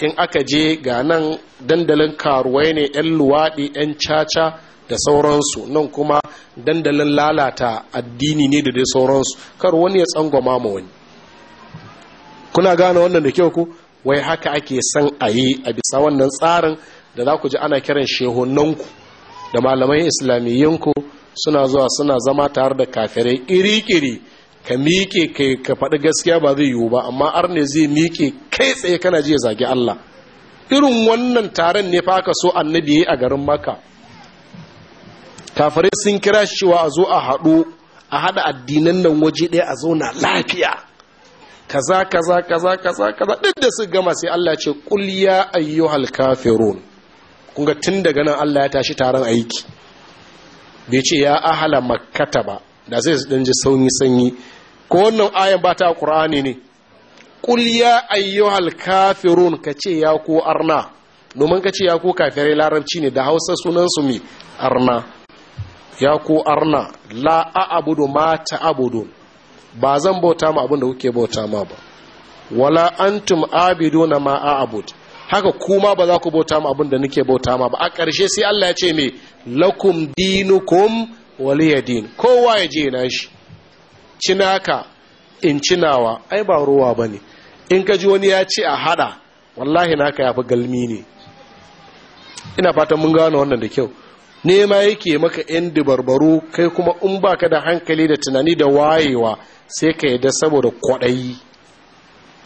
in aka je ga nan dandalin karuwai ne 'yan luwaɗi 'yan caca da sauransu nan kuma dandalin lalata addini ne da dai sauransu kar wani ya tsangwama ma wani kuna gane wannan da kyau ku wai haka ake san a yi a bisa wannan tsarin da za ku ji ana kiran shehunanku da malamai islamiyyanku suna zuwa suna zama tare da kafirai iri-iri ka miƙe ka faɗi gaskiya ba zai yiwu ba amma ne zai miƙe kai tsaye kana ji ya zagi Allah irin wannan taron ne fa ka so annabi a garin maka kafirai sun kira shi cewa a zo a haɗu a haɗa addinan nan waje ɗaya a zauna lafiya kaza kaza kaza kaza kaza duk da su gama sai Allah ce kul ya ayyuhal kafirun kun tun daga nan Allah ya tashi taron aiki bai ce ya ahala makkata ba da sai su ji sanyi sanyi ko wannan ayan ba ta qur'ani ne kul ya ayyuhal kafirun ka ce ya ko arna domin ka ce ya ko kafirai larabci ne da hausa sunansu su mi arna ya ku arna la a abudu ma ta abudu ba zan bauta ma abin da kuke bauta ma ba wala antum abidu na ma a abud haka kuma ba za ku bauta ma abin da nake bauta ma ba a ƙarshe sai Allah ya ce me lakum dinukum waliya din kowa ya je na shi cinaka in cinawa ai ba ruwa ba ne in ka ji wani ya ce a hada wallahi naka ya fi galmi ne ina fatan mun gano wannan da kyau nema yake maka yan dubarbaru kai kuma in baka da hankali da tunani da wayewa sai ka yi da saboda kwaɗayi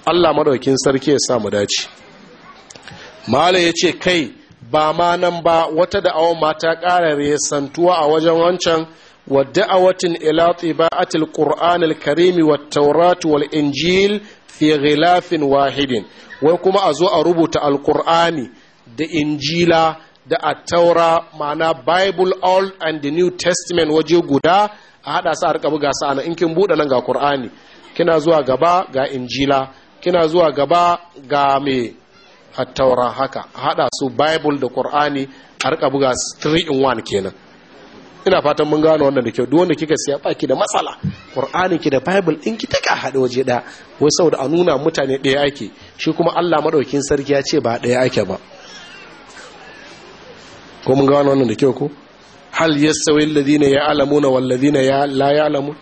allah maɗaukin sarki ya samu dace mala ya ce kai ba ma nan ba wata da ta mata ya santuwa a wajen wancan wadda a wa tauratu wal injil الكريم والتوراة wahidin wai kuma a zo a rubuta alkur'ani da injila da a taura ma'ana bible old and the new testament waje guda a hada su a rika buga su in kin bude nan ga qur'ani kina zuwa gaba ga injila kina zuwa gaba ga me a taura haka a hada su bible da qur'ani a rika buga su 3 in 1 kenan ina fatan mun gano wannan da kyau duk wanda kika siya baki da matsala qur'ani ki da bible din ki taka hada waje da wai saboda a nuna mutane ɗaya ake shi kuma Allah madaukin sarki ya ce ba ɗaya ake ba ko mun gano wannan da kyau ko hal yastawi alladhina ya'lamuna wal ladina la ya'lamun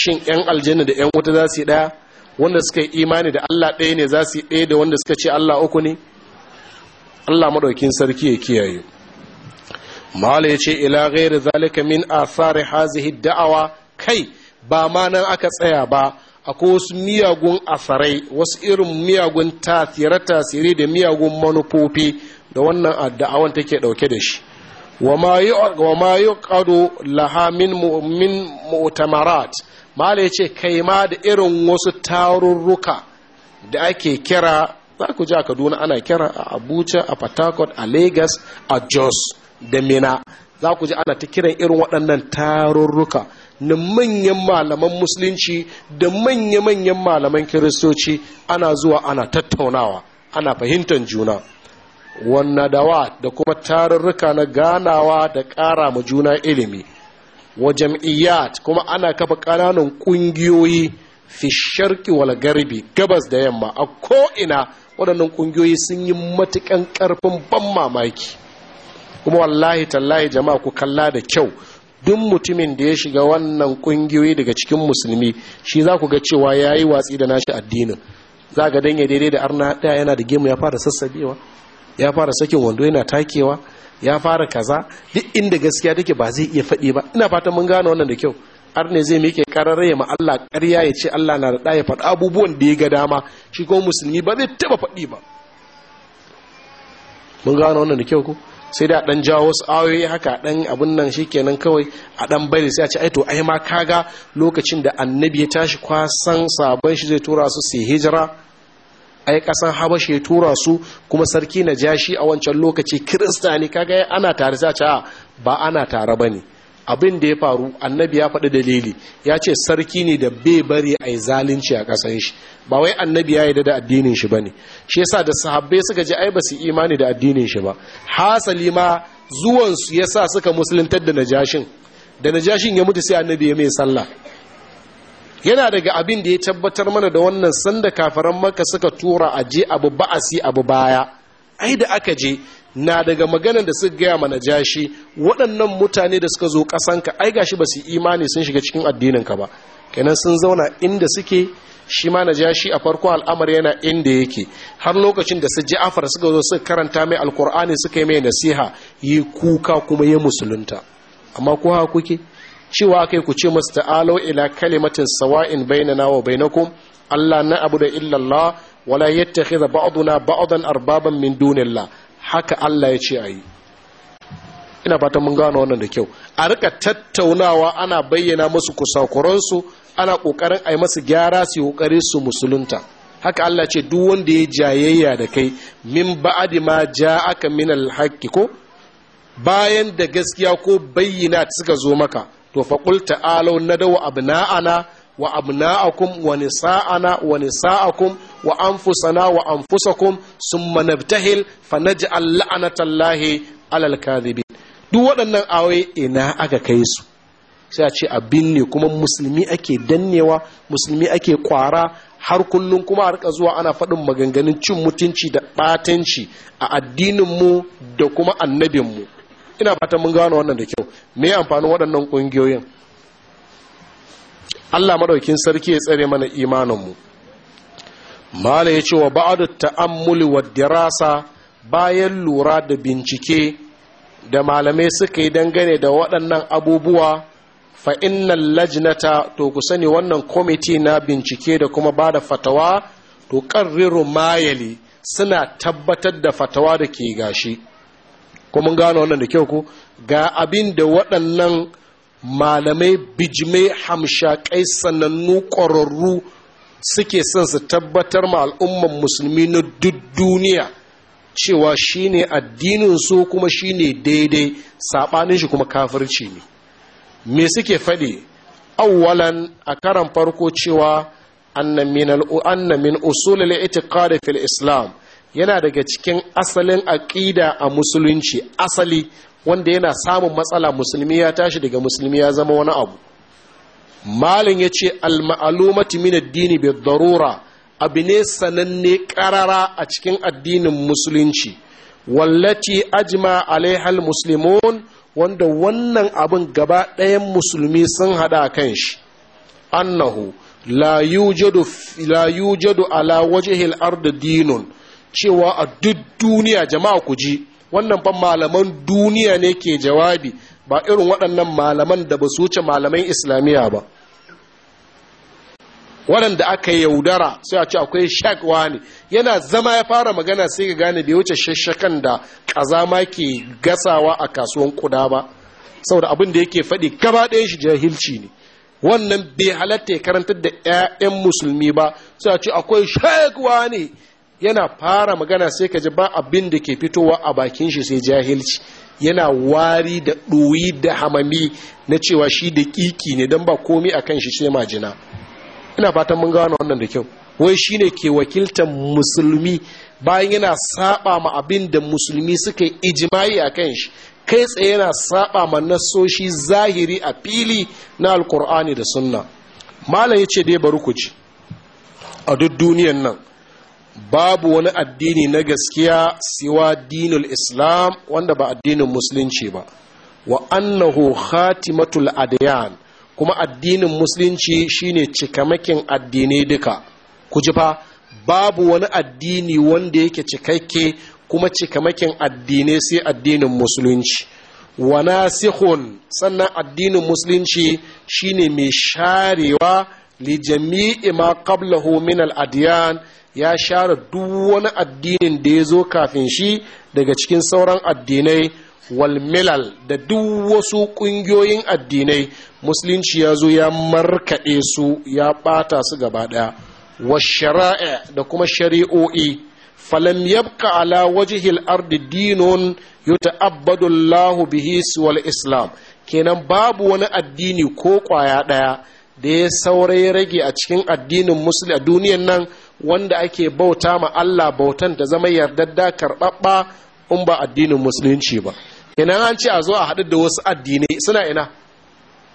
shin yan aljanna da yan wuta za su yi daya wanda suka yi imani da Allah ɗaya ne za su yi ɗaya da wanda suka ce Allah uku ne Allah madaukin sarki ya kiyaye mala yace ila ghairi zalika min athari hazihi da'awa kai ba ma nan aka tsaya ba akwai wasu miyagun asarai wasu irin miyagun tasire-tasire da miyagun manufofi da wannan adda'awan take dauke da shi wa ma yuqadu laha min mu'min mu'tamarat mala yace kai ma da irin wasu tarurruka da ake kira za ku ji a Kaduna ana kira a Abuja a Port a Lagos a Jos da Mina za ku ji ana ta kiran irin waɗannan tarurruka na manyan malaman musulunci da manya-manyan malaman kiristoci ana zuwa ana tattaunawa ana fahimtar juna wannadawa da kuma tarurruka na ganawa da ƙara ma juna ilimi wa jam'iyyat kuma ana kafa ƙananan ƙungiyoyi fi sharki wal garbi gabas da yamma a ko'ina waɗannan ƙungiyoyi sun yi matuƙan ƙarfin ban mamaki kuma wallahi tallahi jama'a ku kalla da kyau duk mutumin da ya shiga wannan ƙungiyoyi daga cikin musulmi shi za ku ga cewa ya yi watsi da nashi addinin za ga danya daidai da arna ɗaya yana da gemu ya fara sassabewa ya fara sakin wando yana takewa ya fara kaza duk inda gaskiya take ba zai iya faɗi ba ina fatan mun gane wannan da kyau har ne zai mike kararre ma Allah ƙarya ya ce Allah na da ya faɗi abubuwan da ya ga dama shi kuma musulmi ba zai taɓa faɗi ba mun gano wannan da kyau ko sai da dan jawo wasu ayoyi haka dan abun nan shi kenan kawai a dan bari sai a ce ai to ai ma kaga lokacin da annabi ya tashi kwasan sabon shi zai tura su su hijira ai kasan habasha ya tura su kuma sarki na jashi a wancan lokaci kirista ne kaga ana tare za ce ba ana tare ba ne abin da ya faru annabi ya faɗi dalili ya ce sarki ne da bai bari a yi zalunci a ƙasan shi ba wai annabi ya yi da addinin shi ba ne shi yasa da sahabbai suka ji ai ba su imani da addinin shi ba hasali ma zuwansu ya sa suka musuluntar da najashin da najashin ya mutu sai annabi ya mai sallah yana daga abin da ya tabbatar mana da wannan sanda kafaran maka suka tura a je abu ba'asi abu baya ai da aka je na daga maganar da suka gaya mana jashi waɗannan mutane da suka zo ƙasanka ai gashi ba su imani sun shiga cikin addininka ba kenan sun zauna inda suke shi ma na jashi a farko al'amari yana inda yake har lokacin da su afar suka zo suka karanta mai alkur'ani suka yi mai nasiha yi kuka kuma ya musulunta amma ko haka kuke cewa yi ku ce masu ta'alo ila kalimatin sawa'in bainana wa bainakum Allah na abu da illallah wala yattakhidha ba'duna ba'dan arbaban min dunillah haka Allah ya ce ayi ina fatan mun gano wannan da kyau a rika tattaunawa ana bayyana musu kusakuransu ana kokarin a masu gyara su kokari su musulunta haka Allah ce duk wanda ya jayayya da kai min ba'di ma ja'aka min al ko bayan da gaskiya ko bayyana suka zo maka to fa na ta'alu nadaw abna'ana wa abna'akum wa nisa'ana wa nisa'akum wa anfusana wa anfusakum sun manabtahil fa naj'al la'natallahi alal kadhibin duk waɗannan awai, ina aka kai su sai a ce abin ne kuma musulmi ake dannewa musulmi ake kwara har kullum kuma a rika zuwa ana faɗin maganganun cin mutunci da ɓatanci a addininmu da kuma annabinmu ina fatan mun gano wannan da kyau me amfanin waɗannan ƙungiyoyin Allah madaukin sarki ya tsare mana imanin mu mala ya ce wa ba'adu ta'ammuli wa dirasa bayan lura da bincike da malamai suka yi dangane da waɗannan abubuwa fa innal lajnata to ku sani wannan kwamiti na bincike da kuma bada fatawa to karriru mayali suna tabbatar da fatawa da ke gashi ko mun gano wannan da kyau ko ga abin da waɗannan malamai bijimai hamshakai sanannu ƙwararru suke son su tabbatar ma al'umman musulmi na duk duniya cewa shine addinin su kuma shine daidai saɓanin shi kuma kafirci ne me suke faɗi auwalan a karan farko cewa anna min usul al-i'tiqad islam yana daga cikin asalin aƙida a musulunci asali wanda yana samun matsala musulmi ya tashi daga musulmi ya zama wani abu malin ya ce alma'alumati min addini bi darura abu ne sananne karara a cikin addinin musulunci wallati ajma alaihal muslimun wanda wannan abin gaba ɗayan musulmi sun haɗa kan shi annahu la yujadu ala wajhil ardi dinun cewa a duk duniya jama'a ku ji wannan ban malaman duniya ne ke jawabi ba irin waɗannan malaman da ba su wuce malaman islamiyya ba waɗanda aka yaudara sai a ce akwai shagwa ne yana zama ya fara magana sai ga gane bai wuce shashakan da ƙazama ke gasawa a kasuwan kuda ba saboda abin da yake faɗi gaba ɗaya shi jahilci ne wannan bai halatta ya karantar da 'ya'yan musulmi ba sai a ce akwai shagwa ne yana fara magana sai ka ji ba abin da ke fitowa a bakin shi sai jahilci yana wari da ɗoyi da hamami na cewa shi da ƙiƙi ne don ba komi a kan shi sai majina ina fatan mun gano wannan da kyau wai shi ne ke wakiltar musulmi bayan yana saba ma abin da musulmi suka yi ijimai a kan shi kai tsaye yana saba ma nasoshi zahiri a fili na alkur'ani da sunna malam ya ce dai bari ku ji a duk duniyan nan babu wani addini na gaskiya siwa dinul islam wanda ba addinin musulunci ba wa annahu khatimatul adyan kuma addinin musulunci shine cikamakin addinai duka ku ji fa babu wani addini wanda yake cikakke kuma cikamakin addinai sai addinin musulunci wa nasikhun sannan addinin musulunci shine mai sharewa li jami'i ma qablahu min al-adyan ya share duk wani addinin da ya zo kafin shi daga cikin sauran addinai walmilal da duk wasu ƙungiyoyin addinai musulunci ya zo ya markaɗe su ya ɓata su gaba ɗaya shari'a da kuma shari'o'i falam yabka ala wajihil ardi dinun yuta'abbadu Allahu bihi wal islam kenan babu wani addini ko ƙwaya ɗaya da ya saurayi rage a cikin addinin musulmi a duniyan nan wanda ake bauta ma Allah bautan ta zama yardadda karɓaɓɓa in ba addinin musulunci ba ina an ce a zo a haɗu da wasu addinai suna ina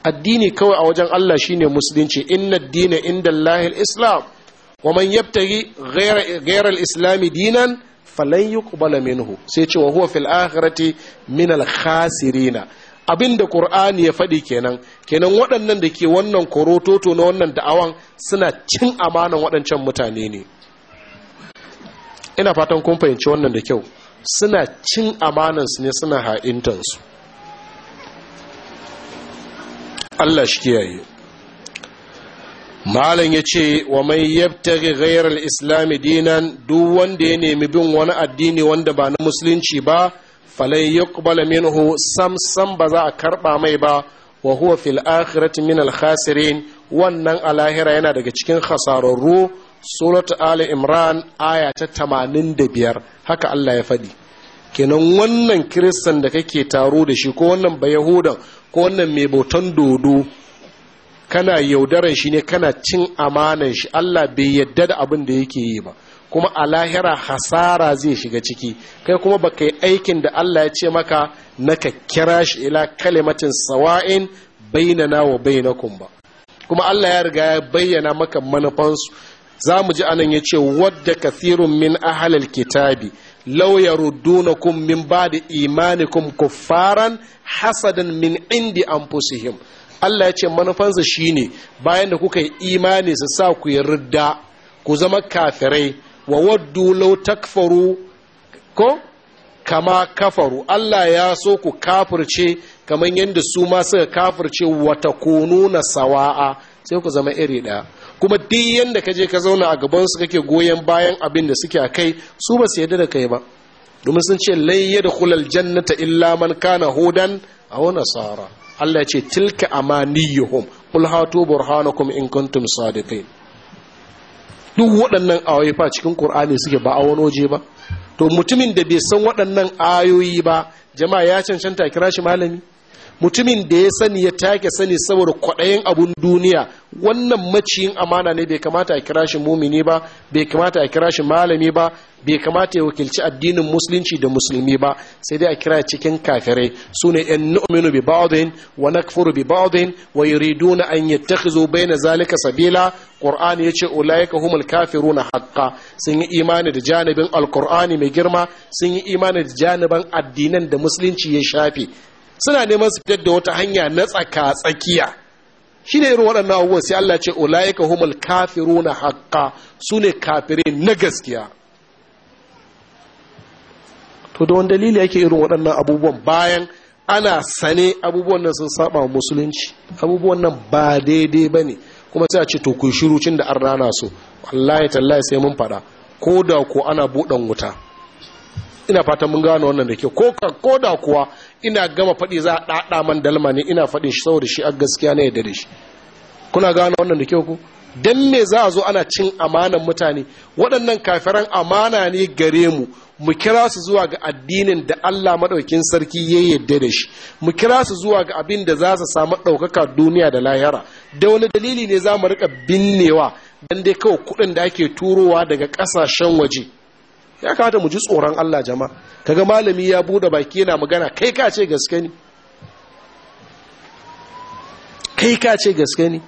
addini kawai a wajen Allah shine musulunci inna dina inda lahil islam wa man yabtaghi ghayra al-islami dinan falan yuqbala minhu sai ce wa huwa fil akhirati min al-khasirina abin da ƙur'ani ya faɗi kenan kenan waɗannan da ke wannan korototo na wannan da'awan suna cin amanan waɗancan mutane ne ina fatan kun fahimci wannan da kyau suna cin amanansu ne suna ha'intansu Allah shi kiyaye malam ya ce wa mai yabtari ghairar islami dinan duk wanda ya nemi bin wani addini wanda ba na musulunci ba falai yuqbala minhu sam sam ba za a karɓa mai ba wa huwa fil akhirati min al khasirin wannan Alahira yana daga cikin hasararru, suratu ali imran aya ta tamanin da biyar, haka Allah ya faɗi kenan wannan kiristan da kake taro da shi ko wannan ba yahudan ko wannan mai bautan dodo kana yaudarar shi ne kana cin amanan shi Allah bai yadda da abin da yake yi ba kuma a lahira hasara zai shiga ciki kai kuma baka yi aikin da Allah ya ce maka na ka kira shi ila kalimatin sawa'in bainana wa bainakum ba kuma Allah ya riga ya bayyana maka manufansu za mu ji anan ya ce wadda kathirun min ahalal kitabi law yaruddunakum min ba'di imanikum kuffaran hasadan min indi anfusihim Allah ya ce manufansa shine bayan da kuka yi imani su sa ku yi ridda ku zama kafirai wa waddu law takfaru ko kama kafaru Allah ya so ku kafirce kamar yadda su ma suka kafirce wata kununa sawa'a sai ku zama iri ɗaya kuma duk yadda ka je ka zauna a gaban su kake goyon bayan abin da suke a kai su ba su yarda da kai ba domin sun ce lai da kulal jannata illa man kana hudan a wani nasara Allah ya ce tilka amaniyuhum qul hatu burhanakum in kuntum sadiqin duk waɗannan ayoyi fa cikin ƙur'ani suke ba a wani waje ba to mutumin da bai san waɗannan ayoyi ba jama'a ya cancanta kira shi malami mutumin da ya sani ya take sani saboda kwaɗayin abun duniya wannan maciyin amana ne bai kamata a kira shi mumini ba bai kamata a kira shi malami ba bai kamata ya wakilci addinin musulunci da musulmi ba sai dai a kira cikin kafirai su ne yan nu'minu bi ba'dhin wa nakfuru bi ba'dhin wa yuriduna an yattakhizu baina zalika sabila ce yace ulaika humul na haqqan sun yi imani da janibin alqur'ani mai girma sun yi imani da janiban addinan da musulunci ya shafe suna neman su fitar da wata hanya na tsaka tsakiya shi ne irin waɗannan abubuwan sai Allah ce ulaika humul kafiruna haqqa su ne kafirai na gaskiya to da wani dalili yake irin waɗannan abubuwan bayan ana sane abubuwan nan sun saba musulunci abubuwan nan ba daidai ba ne kuma sai a ce to ku shiru cin da an rana so wallahi tallahi sai mun faɗa ko da ko ana buɗan wuta ina fatan mun gano wannan da ke ko da kuwa ina gama faɗi za a ɗaɗa man dalma ne ina faɗin shi saboda shi a gaskiya na yadda da shi kuna gano wannan da kyau ku dan me za a zo ana cin amanan mutane waɗannan kafiran amana ne gare mu mu kira su zuwa ga addinin da Allah maɗaukin sarki ya yadda da shi mu kira su zuwa ga abin da za su samu ɗaukaka duniya da lahira da wani dalili ne za mu riƙa binnewa dan dai kawai kuɗin da ake turowa daga ƙasashen waje ya kamata mu ji tsoron Allah jama kaga malami ya bude baki yana magana kai ka ce gaske ne kai ka ce gaske ne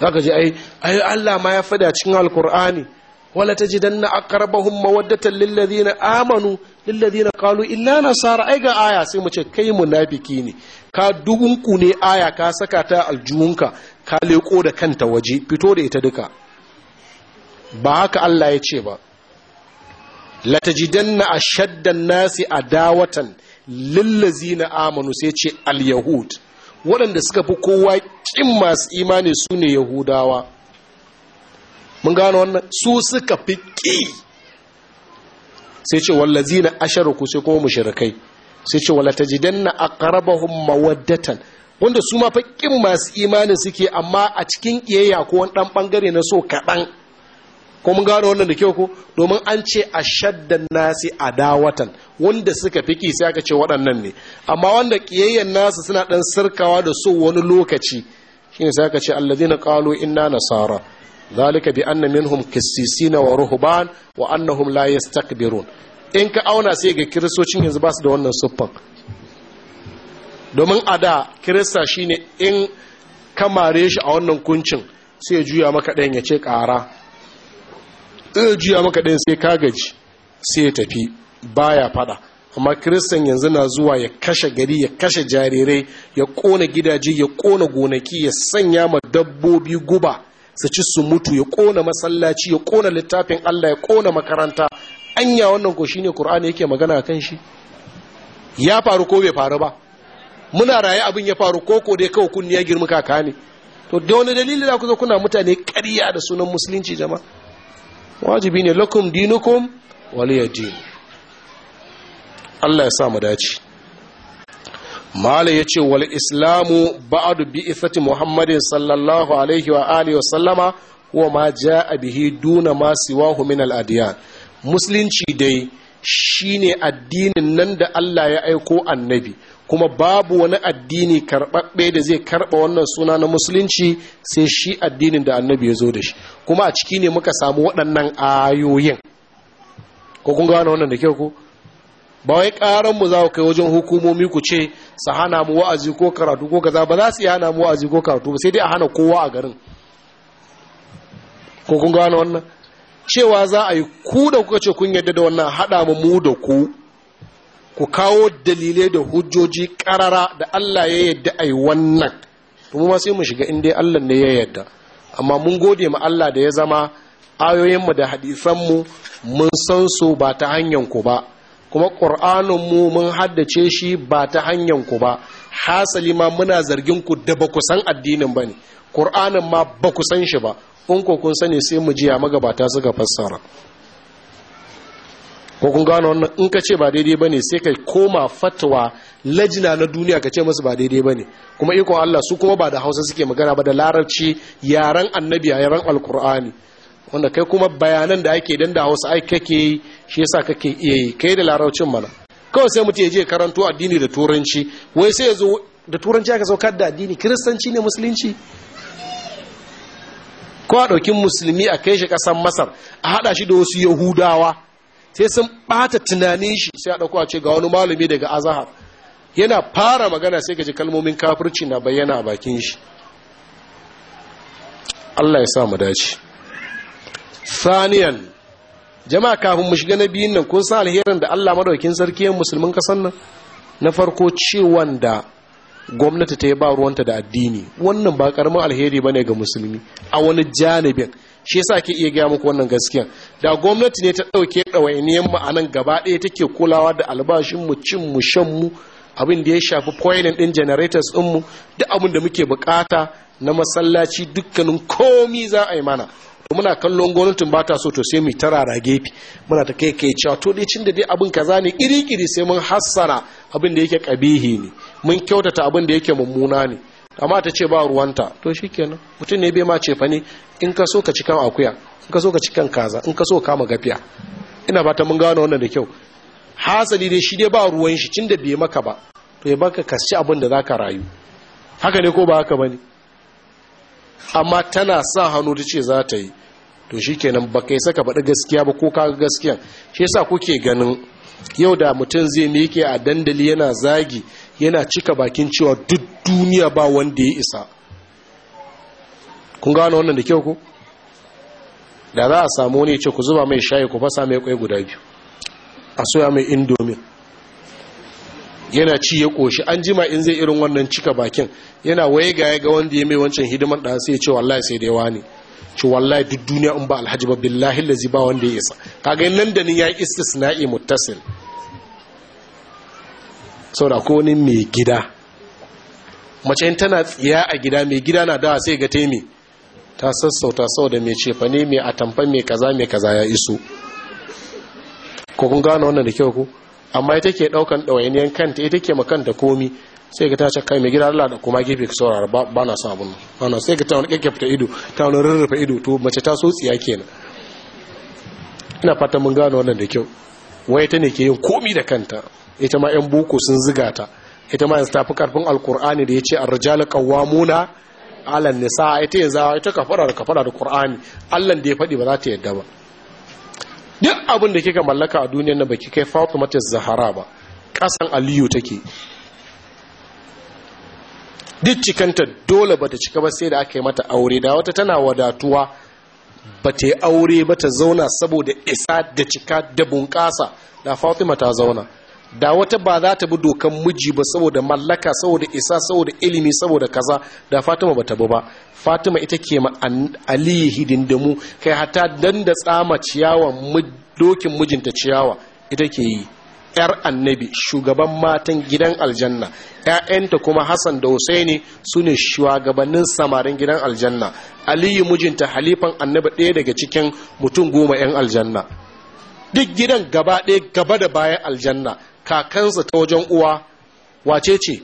zaka ji ai ai Allah ma ya fada cikin alkur'ani wala tajidanna aqrabahum mawaddatan lil ladina amanu lil ladina qalu illa nasara ai ga aya sai mu ce kai munafiki ne ka ku ne aya ka saka ta aljuhunka ka leko da kanta waje fito da ita duka ba haka Allah ya ce ba latajidanna shaddan nasi a dawatan lillazina amanu sai ce al-yahud waɗanda suka fi kowa kin masu imani su ne yahudawa mun gano wannan su suka fi ƙi sai ce wallazina ku sai kuma mushrikai sai ce wala tajidanna aqrabahum mawaddatan wanda su ma fa masu imani suke amma a cikin iyayya ko wani ɗan bangare na so kaɗan ko mun gano wannan da kyau ko domin an ce a shaddan nasi a dawatan wanda suka fi sai aka ce waɗannan ne amma wanda ƙiyayyen nasu suna ɗan sirkawa da su wani lokaci shi ne sai aka ce alladhina qalu inna nasara zalika bi anna minhum qissisina wa ruhban wa annahum la yastakbirun in ka auna sai ga kiristocin yanzu ba su da wannan siffan domin a da kirista shine in kamare shi a wannan kuncin sai juya maka ɗayan ya ce ƙara zai juya maka ɗin sai ka gaji sai ya tafi baya fada amma kiristan yanzu na zuwa ya kashe gari ya kashe jarirai ya ƙona gidaje ya kona gonaki ya sanya ma dabbobi guba su ci su mutu ya kona masallaci ya kona littafin Allah ya kona makaranta anya wannan ko shine Qur'ani yake magana kan shi ya faru ko bai faru ba muna raye abin ya faru ko ko dai kawai kunni ya girma kaka ne to da wani dalili za ku zo kuna mutane ƙarya da sunan musulunci jama'a wajibi ne lakum dinukum waliya Allah ya sa mu dace mala ya ce wal islamu ba'adu bi ifati muhammadin sallallahu alaihi wa alihi wa huwa ma ja'a bihi duna ma siwahu min al adiyan musulunci dai shine addinin nan da Allah ya aiko annabi kuma babu wani addini karɓaɓɓe da zai karɓa wannan suna na musulunci sai shi addinin da annabi ya zo da shi kuma a ciki ne muka samu waɗannan ayoyin ko kun gane wannan da kyau ko ba wai ƙaran mu za ku kai wajen hukumomi ku ce su hana mu wa'azi ko karatu ko kaza ba za su yi hana mu wa'azi ko karatu ba sai dai a hana kowa a garin ko kun gane wannan cewa za a yi ku da kuka ce kun yadda da wannan haɗa mu mu da ku ku kawo dalilai da hujjoji ƙarara da Allah ya yadda a yi wannan to mu ma sai mu shiga in dai Allah ne ya yadda amma mun gode ma Allah da ya zama ayoyinmu da hadisanmu mun san su ba ta hanyar ku ba kuma mu mun haddace shi ba ta hanyar ku ba hasali ma muna zargin ku da ba ku san addinin ba ne ƙur'anin ma ba ku san shi ba in kun sani sai mu jiya magabata suka fassara ko kun gano wannan in ka ce ba daidai bane sai ka koma fatawa lajina na duniya ka ce masu ba daidai bane kuma iko Allah su kuma ba da Hausa suke magana ba da larabci yaren annabi yaran alkur'ani wanda kai kuma bayanan da ake dan da Hausa ai kake yi shi yasa kake iya yi kai da larabcin mana kawai sai mutu ya je karanto addini da turanci wai sai ya zo da turanci aka saukar da addini kiristanci ne musulunci ko a ɗauki musulmi a kai shi ƙasar masar a haɗa shi da wasu yahudawa sai sun bata tunanin shi sai a dauko a ce ga wani malami daga azahar yana fara magana sai ka ji kalmomin kafirci na bayyana a bakin shi Allah ya sa mu dace saniyan jama'a kafin mu shiga na biyun nan kun sa alherin da Allah madaukin sarki yan musulmin kasan nan na farko cewan da gwamnati ta yi ba ruwanta da addini wannan ba karamin alheri bane ga musulmi a wani janibin shi yasa ke iya gaya muku wannan gaskiya da gwamnati ne ta ɗauke ɗawainiyan mu a nan gaba ɗaya take kulawa da albashin mu cin mu shan mu abin da ya shafi poilin ɗin generators ɗin mu duk abin da muke bukata na masallaci dukkanin komi za a yi mana to muna kallon gwamnatin ba ta so to sai mu tarara gefe muna ta kai kai cewa to dai cin da dai abin kaza ne iri-iri sai mun hassara abin da yake kabihi ne mun kyautata abin da yake mummuna ne amma ta ce ba ruwanta to kenan mutum ne bai ma ce fa ne in ka so ka ci kan akuya in ka so ka ci kan kaza in ka so kama gafiya ina ba ta mun gano wannan da kyau hasali dai shi dai ba ruwan shi da bai maka ba to ya baka kasci abin da zaka rayu haka ne ko ba haka bane amma tana sa hannu ta ce za ta yi to shikenan ba kai saka faɗi gaskiya ba ko kaga gaskiya shi yasa kuke ganin yau da mutum zai miƙe a dandali yana zagi yana cika bakin cewa duk duniya ba wanda ya isa kun gano wannan da kyau ku? da za a samu wani ce ku zuba mai shayi ku fasa mai kwai guda biyu a soya mai indomi. yana ci ya koshi an jima in zai irin wannan cika bakin yana waye ga ga wanda ya mai wancan hidimar da sai ya ce wallahi sai da yawa ne ce wallahi duk duniya in ba alhaji ba billahi lazi ba wanda ya isa kaga nan da ni ya istisna'i muttasil saboda ko wani mai gida mace tana tsiya a gida mai gida na dawa sai ga taimi ta sassauta saboda mai cefa ne a atamfa mai kaza mai kaza ya iso ko kun gano wannan da kyau ku amma ita ke daukan ɗawainiyan kanta ita ke makanta komi sai ka tace kai mai gida Allah da kuma gefe ka saurara ba na son abun nan sai ka ta wani kekkefta ido ta wani rurrufe ido to mace ta so tsiya kenan ina fatan mun gano wannan da kyau wai ta ne ke yin komi da kanta ita ma 'yan buku sun ziga ta ita ma yanzu tafi karfin alkur'ani da ya ce arjal qawwamuna alan nisa ita yanzu ita kafara da kafara da kur'ani Allah da ya faɗi ba za ta yadda ba duk abin da kika mallaka a duniyar na baki kai Fatima ta Zahara ba kasan Aliyu take duk cikanta dole ba ta cika ba sai da aka yi mata aure da wata tana wadatuwa ba ta yi aure ba ta zauna saboda isa da cika da bunƙasa da Fatima ta zauna da wata ba za ta bi dokan miji ba saboda mallaka saboda isa saboda ilimi saboda kaza da fatima ba ta bi ba fatima ita ke ma aliyu hidindimu kai hata dan da tsama ciyawa dokin mijinta ciyawa ita ke yi yar annabi shugaban matan gidan aljanna ‘ya'yanta kuma hassan da husaini su ne shugabannin samarin gidan aljanna aliyu mijinta halifan annabi ɗaya daga cikin mutum goma ‘yan aljanna duk gidan gaba ɗaya gaba da bayan aljanna kakansa ta wajen uwa wace ce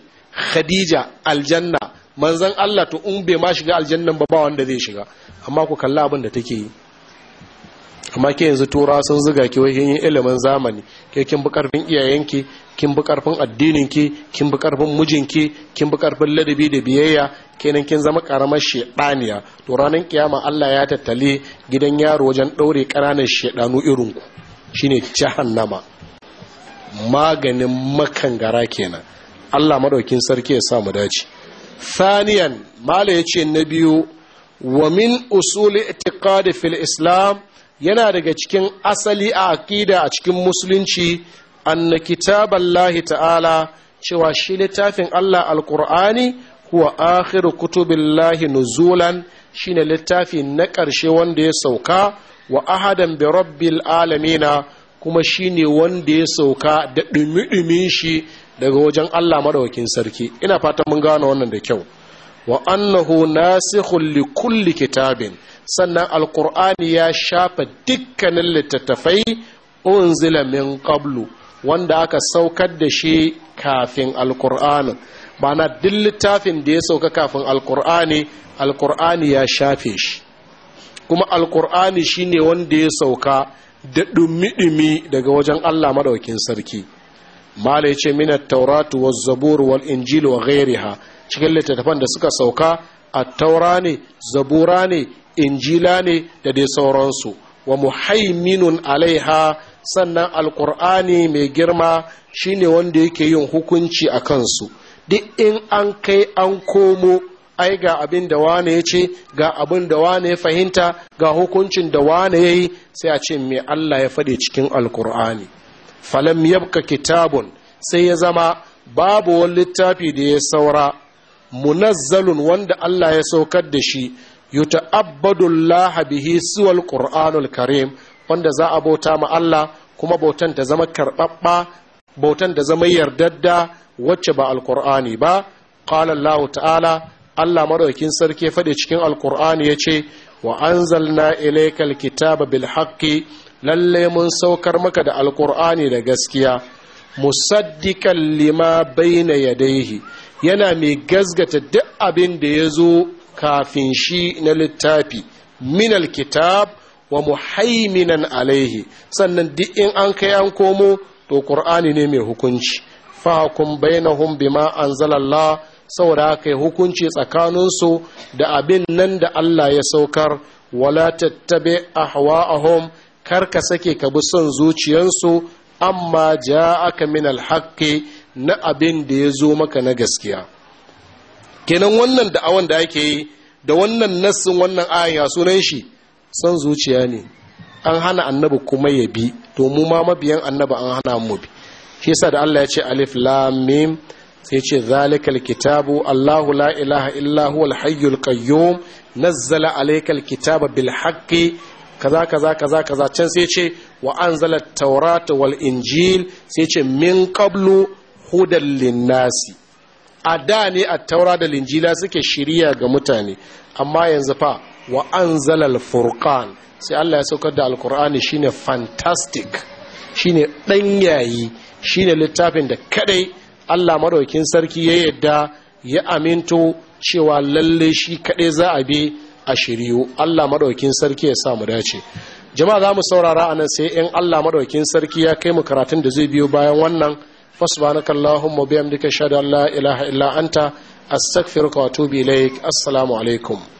khadija aljanna manzan allah to in bai ma shiga aljannan ba ba wanda zai shiga amma ku kalla abin da take yi amma ke yanzu tura sun ziga ki wajen yin ilimin zamani ke kin bi karfin iyayenki kin bi karfin addininki kin bi karfin mijinki kin bi karfin ladabi da biyayya kenan kin zama karamar shedaniya to ranar kiyama Allah ya tattale gidan yaro wajen daure ƙananan shedanu irin ku shine jahannama maganin makangara kenan Allah madaukin sarki ya sa mu dace thaniyan mala yace na biyu wa min usul i'tiqad fil islam yana daga cikin asali a aqida a cikin musulunci anna kitaballahi ta'ala cewa shi littafin Allah alqur'ani huwa akhiru kutubillahi nuzulan shine littafi na ƙarshe wanda ya sauka wa ahadan bi rabbil alamina kuma shi ne wanda ya sauka da ɗumi-ɗumin shi daga wajen Allah maɗaukin sarki ina fatan mun gano wannan da kyau wa annahu nasikhun li kulli kitabin sannan alqur'ani ya shafa dukkanin littattafai unzila min qablu wanda aka saukar da shi kafin alqur'anin ma'ana duk littafin da ya sauka kafin alqur'ani alqur'ani ya shafe shi kuma alqur'ani shine wanda ya sauka da ɗumi daga wajen Allah maɗaukin sarki mala ya ce minat tauratu wa zabur wal injil wa ghairiha cikin littattafan da suka sauka a taura ne zabura da dai sauransu wa muhaiminun alaiha sannan alkur'ani mai girma shine wanda yake yin hukunci a kansu duk in an kai an komo ai ga abin da wane ya ce ga abin da wane ya fahimta ga hukuncin da wane ya yi sai a ce mai Allah ya faɗi cikin alkur'ani falam yabka kitabun sai ya zama babu wani littafi da ya saura munazzalun wanda Allah ya saukar da shi yuta'abbadullah bihi suwal qur'anul karim wanda za a bauta ma Allah kuma bautan ta zama karɓaɓɓa bautan da zama yardadda wacce ba alkur'ani ba qala Allah ta'ala Allah maraukin sarki faɗi cikin alkur'ani ya ce wa anzalna ilaikal kitaba bil haqqi lalle mun saukar maka da alkur'ani da gaskiya musaddikan lima bayna yadayhi yana mai gazgata duk abin da ya zo kafin shi na littafi minal kitab wa muhaiminan alaihi sannan duk in an kai an komo to qur'ani ne mai hukunci fa fahkum bainahum bima anzalallahu saboda haka ya hukunci tsakaninsu da abin nan da Allah ya saukar wala a hawa hom. kar ka sake ka bi son zuciyarsu amma ja aka min alhaki na abin da ya zo maka na gaskiya kenan wannan da'awan da ake yi da wannan nassin wannan ayan ya sunan shi son zuciya ne an hana annabi kuma ya bi to mu ma mabiyan annabi an hana mu bi shi yasa da Allah ya ce alif lam mim sai ce zalikal kitabu Allahu la ilaha illa huwal hayyul nazzala alaykal kitaba bil haqqi kaza kaza kaza kaza can sai ce wa anzala taurata wal injil sai ce min qablu hudan linnasi a da ne a taura da linjila suke shirya ga mutane amma yanzu fa wa anzala al sai Allah ya saukar da alkur'ani shine fantastic shine danyayi shine littafin da kadai Allah madaukin sarki ya yadda ya aminto cewa lalle shi kaɗai za a bi a shiriyu Allah madaukin sarki ya sa mu dace jama'a za mu saurara anan sai in Allah madaukin sarki ya kai mu karatun da zai biyo bayan wannan fasbanaka Allahumma bihamdika shada la ilaha illa anta astaghfiruka wa atubu ilaik assalamu alaikum